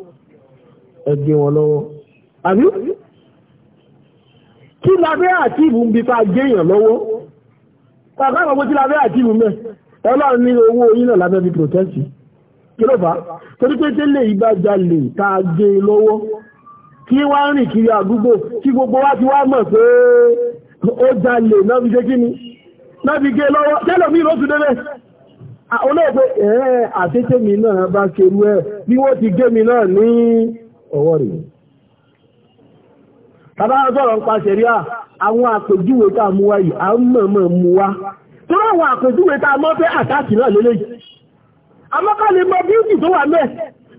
ẹgbẹ́ wọn lọ́wọ́ àbí kí labẹ́ àti ìbùn bí fa géèyàn lọ́wọ́ bàbá àwọn tí labẹ́ àti ìbùn mẹ́ ọlọ́run owó yín náà labẹ́ bí protest kí ló fà á torí pé tẹ́lẹ̀ ìbá jalè tá gé e lọ́wọ́ kí wá rìn kiri àdúgbò kí gbogbo wa ti wá mọ̀ pé ó jalè náà fi ṣe kí ni náà gé lọ́wọ́ tẹ́lọ̀ mí ló ti débẹ̀ olóògbé ẹ̀ẹ́ àtẹ́tẹ́ náà bá ẹ̀ bí wọ́n ti gé mi náà ní ọwọ́ rẹ̀ sọ̀rọ̀ ń pa àwọn àpèjúwe tá a wá yìí a ń mú tó àpèjúwe tá a àtàkì náà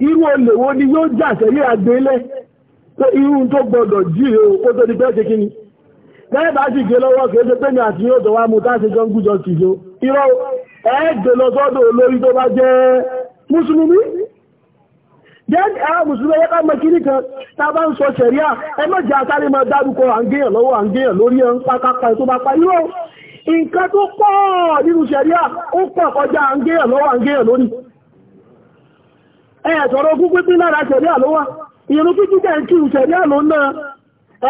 irú olè wo ni yóò jà sẹ́rí àgbélé pé irú tó gbọdọ̀ jíre ó tó di pé ṣe kí ni bẹ́ẹ̀ bá sì gé lọ́wọ́ kìí ṣe pé ní àti yóò tọ́wá mú táṣe jọ ń gújọ kìjọ irọ́ ẹ̀ẹ́dẹ̀ lọ sọ́dọ̀ tó bá jẹ́ mùsùlùmí a bá ń sọ ṣẹ̀ríà ẹ má jẹ́ àtàrí máa dárúkọ àǹgéyàn lọ́wọ́ àǹgéyàn lórí ẹ̀ ń pákápá tó bá pa irọ́ nǹkan tó pọ̀ nínú ṣẹ̀ríà ó pọ̀ kọjá àǹgéyàn lọ́wọ́ àǹgéyàn lórí ẹ̀ẹ̀sọ̀rọ̀ ogún pínpín lára ṣẹ̀rí àlówà ìrún kíkí tẹ̀ ń kí ṣẹ̀rí àlò náà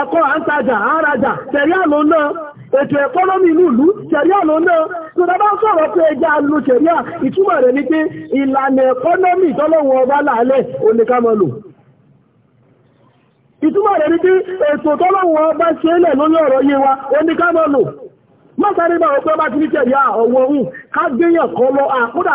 ẹ̀kọ́ àǹtajà àrajà ṣẹ̀rí àlò náà ètò ẹ̀kọ́nọ́mì inú ìlú ṣẹ̀rí àlò náà tó dábá ń sọ̀rọ̀ pé ẹja lu ṣẹ̀rí à ìtumọ̀ rẹ̀ ni pé ìlànà ọba ọba bá ti ní ká gbéyàn kọ́ lọ àkúdà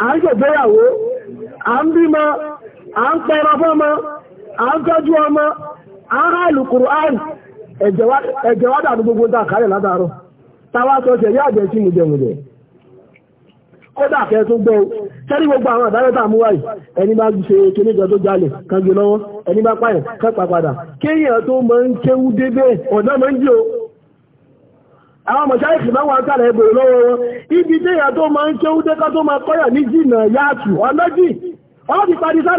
a ń ṣègbéyàwó à ń bímọ à ń pẹrọ fọ́mọ à ń tọ́jú ọmọ à ń hàlù kùrùánì ẹ̀jẹ̀ wá gbogbo dà kálẹ̀ látàárọ̀ táwa sọ ṣe yá àjẹ́ sí mùjẹ̀mùjẹ̀ kódà kẹ́ tún gbọ́ sẹ́rí gbogbo àwọn tà mú wáyìí ẹni bá ṣe kíníkan tó jalè kan gbé lọ́wọ́ o àwọn mọ̀ṣáìkì na wà ń sàlẹ̀ ẹgbèrè lọ́wọ́ wọn ibi tí èyà tó máa ń ké ó dẹ́ká tó máa kọ́yà ní jìnà yáàtù ọlọ́jì ti parí ní ní ọ̀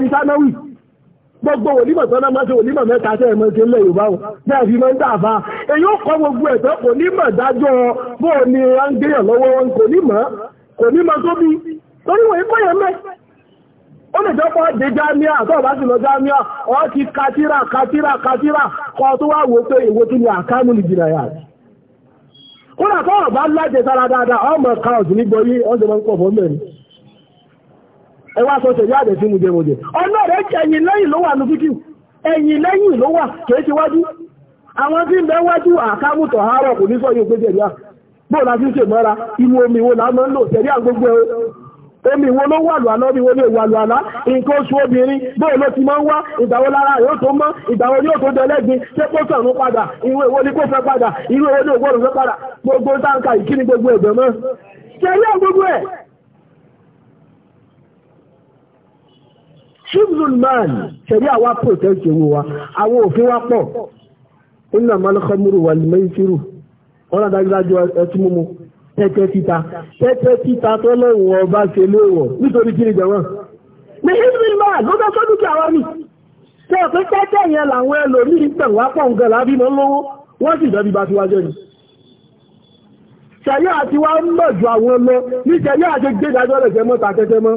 ní ọ̀ gbogbo onímọ̀ máa ṣe onímọ̀ mẹ́ta tẹ́ ẹ̀mọ́ ṣe yorùbá o bẹ́ẹ̀ fi máa ń dàfà èyí ó gbogbo ẹ̀tọ́ dájọ́ bóò ni a ń gbéyàn lọ́wọ́ wọn kò ní kò ní tóbi torí wọ́n ikọ́ yẹn mẹ́ o lè jẹ́ pọ́ dé jámíà si bá sì lọ jámíà ọ ti katira katira katira kọ tó wá wò pé ìwé tí ni àkánú lè jìnà yàrá na là kọ́ ọ̀bá sára dáadáa ọmọ ká òsì ní gbọ́yí máa ń pọ̀ fún mẹ́rin ẹ wá sọ ṣẹ̀yà àdẹ̀ sí mujẹmujẹ ọ̀nà rẹ̀ ẹ̀yìn lẹ́yìn ló wà ní ẹ̀yìn lẹ́yìn ló wà kìí wájú omi wo máa ń lò omi wo ló wà lùalá omi wo ló wà lùalá nǹkan oṣù obìnrin bóyá ló ti máa ń wá ìgbàwo lára yóò tó mọ́ ìgbàwo yóò tó dẹlẹ́gbin ṣé kó sọ̀rọ̀ padà irú èwo ni kó fẹ́ padà irú èwo ni ògbóòrò fẹ́ padà gbogbo táǹkà ìkíni gbogbo ẹ̀gbẹ́ mọ́ ṣe ilé gbogbo ẹ̀. ṣíbùlùn man ṣẹ̀rí àwa protest owó wa àwọn òfin wa pọ̀ nínú àmàlẹ́kọ̀mùrù wà ní mẹ́sìrù tẹ́tẹ́ títa tẹ́tẹ́ títa tọ́lọ́wọ́ ọba ṣe léèwọ̀ nítorí kí ni jẹ̀wọ́n ní israel máa ló bẹ́ sọ́dún kí àwọn mi tẹ́ ẹ̀ pé tẹ́tẹ́ yẹn làwọn ẹlòmíì pẹ̀lú apọ̀ nǹkan lábí mọ́ lówó wọ́n sì dọ́bí bá tiwájọ́ ni ṣẹ̀yẹ́ àti wá ń lọ ju àwọn lọ ní ṣẹ̀yẹ́ àti gbé ìdájọ́ rẹ̀ jẹ́ mọ́ta tẹ́tẹ́ mọ́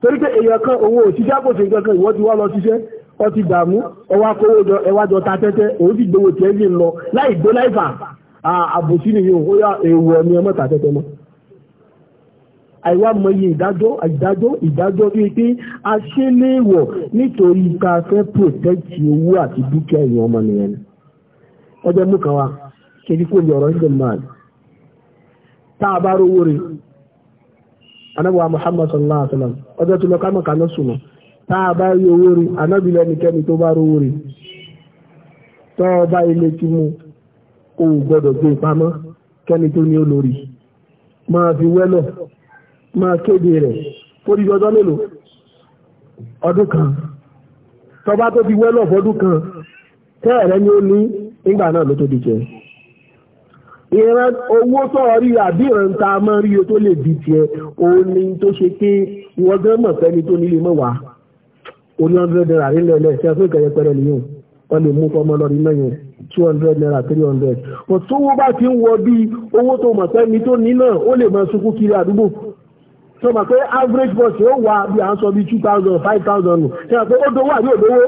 torí pé èèyàn kan owó òṣìṣẹ́ kò ṣe kankan ìwọ ti wá lọ ṣiṣẹ́ ọtí dààmú ọwá kówó ẹwà jọ ta tẹ́tẹ́ òun sì gbowó tiẹ́ lè lọ láì gbó láì fà àbòsí nìyí ó yá èèwọ̀ ni ẹ mọ́ta tẹ́tẹ́ mọ́ àìwá mọye ìdájọ́ ìdájọ́ ìdájọ́ bíi pé a ṣe léèwọ̀ nítorí ká fẹ́ protect owó àti dúkìá ìyẹn ọmọ nìyẹn ọjọ́ mú kan wa kejì kò lè ọ̀rọ̀ ṣe máa tá a bá rówó rẹ̀ anábọ̀ Muhammad sallallahu alaihi wa sallam ọjọ́ tó lọ ká mọ̀ kaná sùnmọ́ tá a bá rí owó anábìlẹ̀ nìkẹ́ni tó bá rówó tọ́ o gbọ́dọ̀ gbé pamọ́ kẹ́ni tó ní olórí máa fi wẹ́lọ̀ máa kéde rẹ̀ fórí ọjọ́ mélòó ọdún kan tọba tó fi wẹ́lọ̀ fọdún kan tẹ́ẹ̀rẹ́ ni ó ní nígbà náà ló tó di jẹ ìran owó tọ́ọ̀ rí àbí ìran ta máa rí o tó lè di tiẹ̀ òun ni tó ṣe pé wọ́n gán mọ̀ fẹ́ni tó nílé mọ́wàá oní ọdún rẹ̀ rà nílẹ̀ ẹ̀lẹ́sẹ̀ fún ìkẹyẹpẹrẹ nìyẹn wọ́n lè mú fọmọ lọ náà yẹn two hundred naira three hundred but tówó bá ti ń wọ bí owó tó mọ̀ pé ní tó ní náà ó lè máa sunkún kiri àdúgbò tó mọ̀ pé average bus yóò wà bí à ń sọ bí two thousand five thousand nù ṣe àpé ó dowó àbí òdowó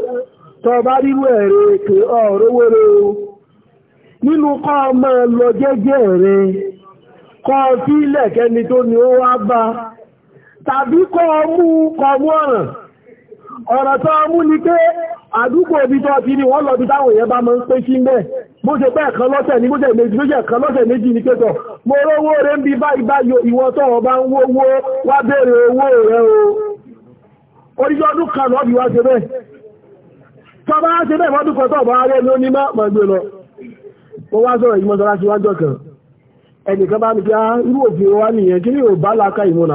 tó bá rírú ẹ̀rẹ́ èké ọ̀rọ̀wó rẹ̀ o nínú kọ́ ọmọ lọ jẹ́jẹ́ rẹ̀ kọ́ sí ilẹ̀kẹ́ni tó ní ó wá bá tàbí kọ́ mú kọ́ mú ọ̀ràn ọ̀rọ̀ tó mú ní pé àdúgbò ibi tó ti ní wọ́n lọ́bí táwọn èèyàn bá mọ́ ń pé sí bẹ́ bó ṣe pẹ́ ẹ̀kan lọ́sẹ̀ ní bóṣẹ̀ méjì lóṣẹ̀ lọ́sẹ̀ méjì ní pẹ́tọ̀ mo rówó rẹ̀ ń o oríṣi ọdún kan wá ṣe bẹ́ẹ̀ tó bá ṣe bẹ́ẹ̀ mọ́dún kan tó bá rẹ̀ ló ní má gbé lọ mo wá sọ̀rọ̀ sí wájọ́ kan ẹnìkan bá mi ah, kí á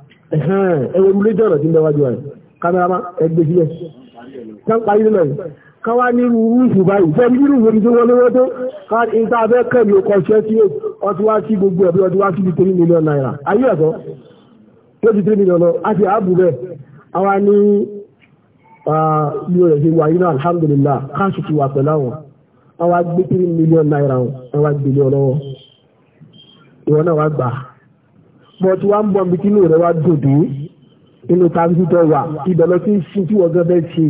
ẹ̀wọ̀n ilé jọ̀rọ̀ tí ń bẹ́wájú ẹ̀ kámẹ́rámà ẹgbẹ́ sílẹ̀ tán parí nílẹ̀ káwá ní rúrúùsù báyìí fẹ́ nínú ìwé tí wọ́n lówó tó ká ìta abẹ́ kẹ́mi ọkọ̀ ṣẹ́ sí ọtí wá sí gbogbo ẹ̀bí ọtí wá sí bí three million naira ayé ẹ̀kọ́ tó ti three million lọ a ti àbù bẹ́ẹ̀ àwa ní yóò rẹ̀ ṣe wà nínú alhamdulillah káàṣì ti wà pẹ̀lú àwọn àwa gbé three million naira àwọn àwa gbèlè ọlọ́wọ́ ìwọ náà wá gbà á bọ̀ tí wàá ń bọ̀ níbi tí inú rẹ̀ wá dòdò inú tàbí tó wà ibẹ̀ lọ sí sí tí wọ́n gan bẹ́ẹ̀ ṣe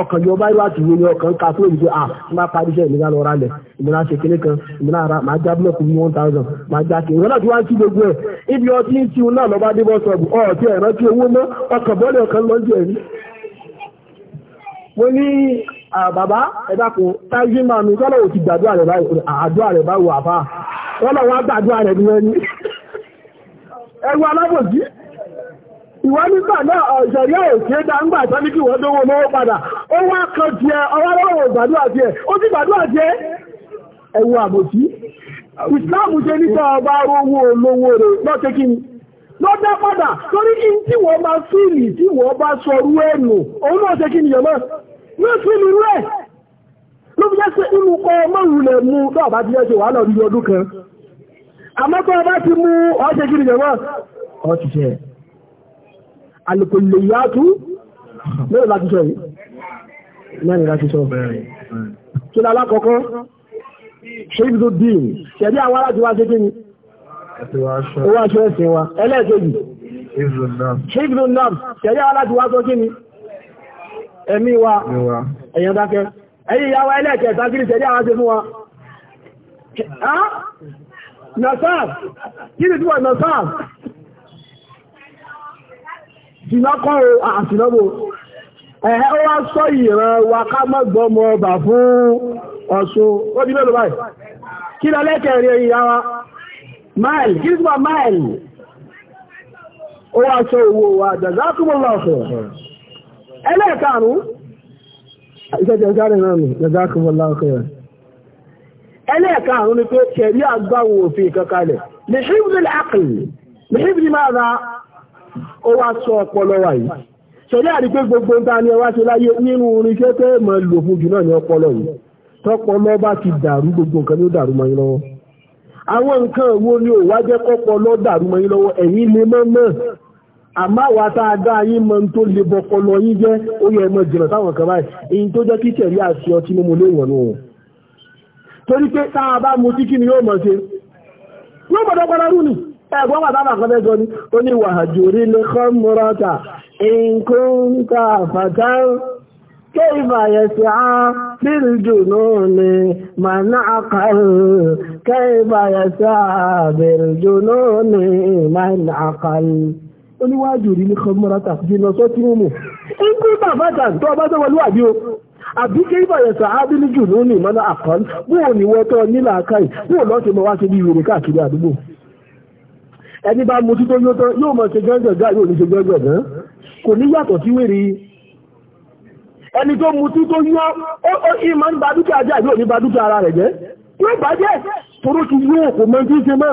ọkàn yóò bá wà tìwé ni ọkàn ká fún ìdíje ah n bá parí iṣẹ́ ìmúra lọ rálẹ̀ ìmúra ṣe kéré kan ìmúra ara màá já búlọ̀kù bí one thousand màá já kí ìwọ́n náà ti wá ń kí gbogbo ẹ̀ ibi ọtí ń tiun náà lọ́ba dé bọ́sọ̀bù ọ̀ tí ẹ̀rọ tí owó mọ́ ọkàn bọ́ọ̀lù ọkàn lọ́ọ́ jẹ̀ rí. mo ní bàbá ẹ dákun táyé máa mi ti gbàdúrà rẹ̀ báyìí àdúrà rẹ̀ báyìí wà fáà tọ́lọ̀ wá gbàdúrà rẹ̀ bí wọ́n ní. Ewu alabosi ìwọ nígbà náà ọ̀ṣẹ̀rí òṣèré dáńgbà tán kí wọ́n dówó lọ́wọ́ padà ó wá kan jẹ ọwọ́ lọ́wọ́ gbàdúrà ẹ, ó sì gbàdúrà ẹ, ẹwọ àbòsí ìsìláàmù ṣe nígbà ọba owó olówó lọ́tẹ́ kí ni padà torí kí n tí wọ́n bá fíìlì tí wọ́n bá òun náà ṣe kí ni ní fíìlì ló fi jẹ́ kan àmọ́kọ́ ọba ti mú ọ́ṣẹ́ kí nìjọba ọ́ṣiṣẹ́ alùpùlù yàtú mẹ́rin láti sọ yìí mẹ́rin láti sọ kí ni alákọ̀ọ́kọ́ ṣe ibi tó dín ṣẹ̀dí àwọn aláti wá ṣe kí ni ó wá ṣe ẹ̀sìn wa ẹlẹ́ẹ̀kejì ṣe ibi tó nàm ṣẹ̀dí àwọn aláti wá sọ kí ni ẹ̀mí wa ẹ̀yàn wa Nassar kí ni túbọ̀ nasaf ṣìnà kọ́ o àṣìnà bò ẹ̀hẹ́ ó wá sọ ìran wa ká mọ́ ọba fún ọ̀ṣun ó di mélòó báyìí
kí lọ lẹ́kẹ̀ẹ́rẹ́ ìyá wa
máìlì kí ele-eka pé ṣẹ̀rí àgbáwò òfin kankalẹ̀ lè ṣíbìlì àkìlì lè ṣíbìlì máa ra ó wá sọ ọpọlọ wà yìí ṣẹ̀rí àrí pé gbogbo ta ni ẹwà ṣe láyé nínú orin ṣe pé mọ̀ lò fún jù náà ti dàrú gbogbo nǹkan ló dàrú mọ́ yín lọ́wọ́ wo ni ò wá jẹ́ kọ́pọlọ dàrú mọ́ yín lọ́wọ́ lè mọ́ mọ́ tá a dá yín mọ tó lè bọ́pọlọ yín jẹ́ ó yẹ jìnnà táwọn kan báyìí èyí torí pé táwọn bá mú tí kí ni yóò mọ̀ ṣe yóò gbọ́dọ̀ padà rú ni ẹ̀gbọ́n wà táwọn àkọ́fẹ́ sọ ni ó ní wàhájú rí lè kọ́ mọ́rọ́ta ìkúńkà fàtà kéèfà yẹsẹ̀ á bíríjù náà ni màná àkàrù kéèfà yẹsẹ̀ á bíríjù náà ni màná àkàrù oníwájú àbí kéyìnbà yẹn sọ ábílí jù ló ní ìmọ̀nà àkàn bó o ní wọ́tọ́ nílà akáì bó o lọ́ọ́ ṣe mọ wá ṣe bí ìwèrè káàkiri àdúgbò ẹni bá mutí tó yóò tán yóò mọ ṣe gángan yóò ní ṣe gángan gan kò ní yàtọ̀ sí wèrè ẹni tó mutí tó yọ ó ìmọ̀ ń ba dúkìá jẹ́ àbí òní ba dúkìá ara rẹ̀ jẹ́ yóò bàjẹ́ toró ti yóò kò mọ tí ń ṣe mọ́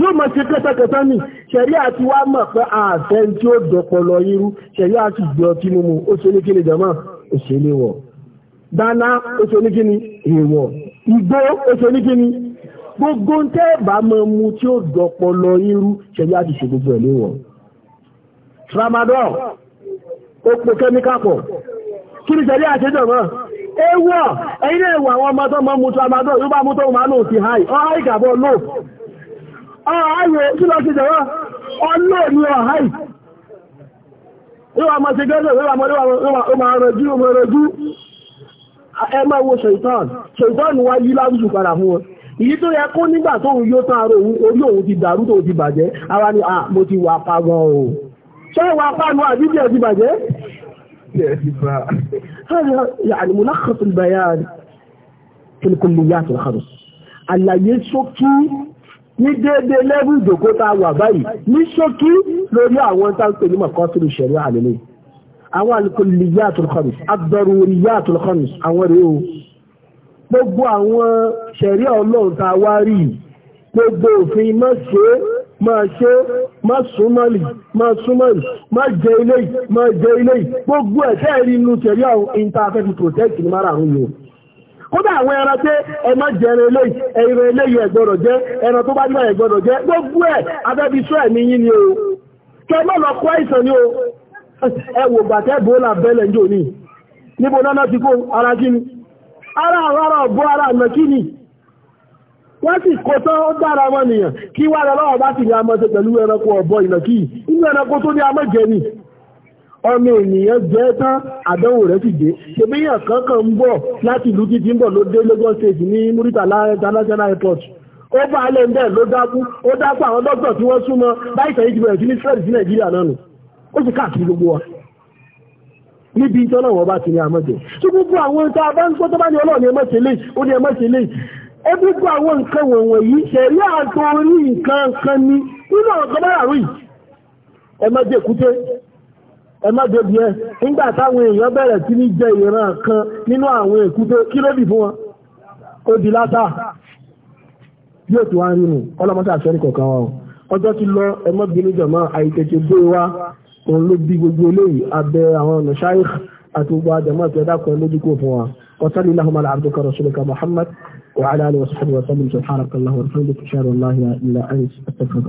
yóò mọ̀ ṣe kẹ́tẹ́kẹ́tẹ́ ní ṣẹ̀rí àti wá mọ̀ pé àfẹ́ tí ó dọ̀pọ̀ lọ irú ṣẹ̀rí àti ìgbẹ́ ọtí mímu ó ṣe ní kí ni jàmáà ó ṣe léwọ̀ dáná ó ṣe oníkíni èèwọ̀ igbó gbogbo ń tẹ́ bá mọ tí ó dọpọlọ irú ṣe gbogbo ẹ̀ wọ. tramadol ó kẹ́míkà pọ̀ kí ni àti ṣe náà ewọ́ ẹ̀yin náà àwọn ọmọ tó mọ́ mu tramadol yóò bá mú tó Ìwà máa ṣe gẹ́gẹ́ ìwà máa rẹjú, ó máa rẹjú. Ẹ máa wo ṣèìtàn, ṣèìtàn wá yí lábùsù padà fún wọn. Ìyí tó yẹ kó nígbà tó òun yóò tán ara òun, orí òun ti dàrú tó ti bàjẹ́, ara ni, à, ah, mo ti wà pa o. Ṣé ìwà pàánù àbíbí ẹ̀ ti bàjẹ́? يعني ملخص البيان في الكليات الخمس àlàyé ṣókí ní déédéé lẹ́bù ìjòkó tá a wà báyìí ní ṣókí lórí àwọn tá ń pè ní mọ̀kọ́tìrì ṣẹ̀rí àlélẹ́ àwọn alkulliyatul khamis ad-daruriyatul khamis àwọn rèé o gbogbo àwọn ṣẹ̀rí ọlọ́run tá a wá rí gbogbo òfin má ṣe má ṣe má súnmọ́lì má súnmọ́lì má jẹ ilé má jẹ ilé gbogbo ẹ̀ tẹ́ẹ̀rí inú ṣẹ̀rí àwọn intanfẹ́fì protect ní márààrún yòó kódà àwọn ẹran pé ẹmọ jẹrin eléyìí ẹran eléyìí ẹ jẹ ẹran tó bá jẹ ẹ gbọ́dọ̀ jẹ gbogbo ẹ sọ yín ni o kẹmọ́ lọ kọ́ àìsàn ni o ẹ wò gbàtẹ́ bóòlà bẹ́lẹ̀ ní òní níbo ti ara ara àwárọ̀ ara àmọ́ kí ni sì kó tán ó dára wọn nìyàn kí wá lọ́wọ́ bá sì ní amọ́ ṣe ẹranko ìnàkí inú ẹranko tó ní ni ọmọ ènìyàn jẹ́ tán àdánwò rẹ̀ sì dé ṣèbíyàn kankan ń bọ̀ láti ìlú títí ń bọ̀ ló dé Lagos state ní Muritala international airport ó bá alẹ́ ń bẹ̀ ló dákú ó dákú àwọn dókítà tí wọ́n súnmọ́ láìsẹ̀ yìí ti bẹ̀rẹ̀ sí ní fred gbogbo wa níbi bá ti ní a bá ń gbọ́ tó bá ní ọlọ́ọ̀ni ẹmọ́ ó ní ẹmọ́ ẹ má débi ẹ nígbà táwọn èèyàn bẹ̀rẹ̀ sí ní jẹ ìran kan nínú àwọn èkúté kí ló dì fún wọn ó di látà bí òtún wá ń rí nù ọlọ́mọdé àṣẹ́rí kọ̀ọ̀kan wa o ọjọ́ ti lọ ẹ má bínú jọ̀mọ́ àìtètè dé wa òun ló bí gbogbo eléyìí abẹ àwọn ọ̀nà ṣáìk àti gbogbo àjẹmọ́ àti ẹ̀dá kan lójú kò fún wa وصلي اللهم على عبدك ورسولك محمد وعلى اله وصحبه وسلم سبحانك اللهم وبحمدك اشهد ان لا اله الا انت استغفرك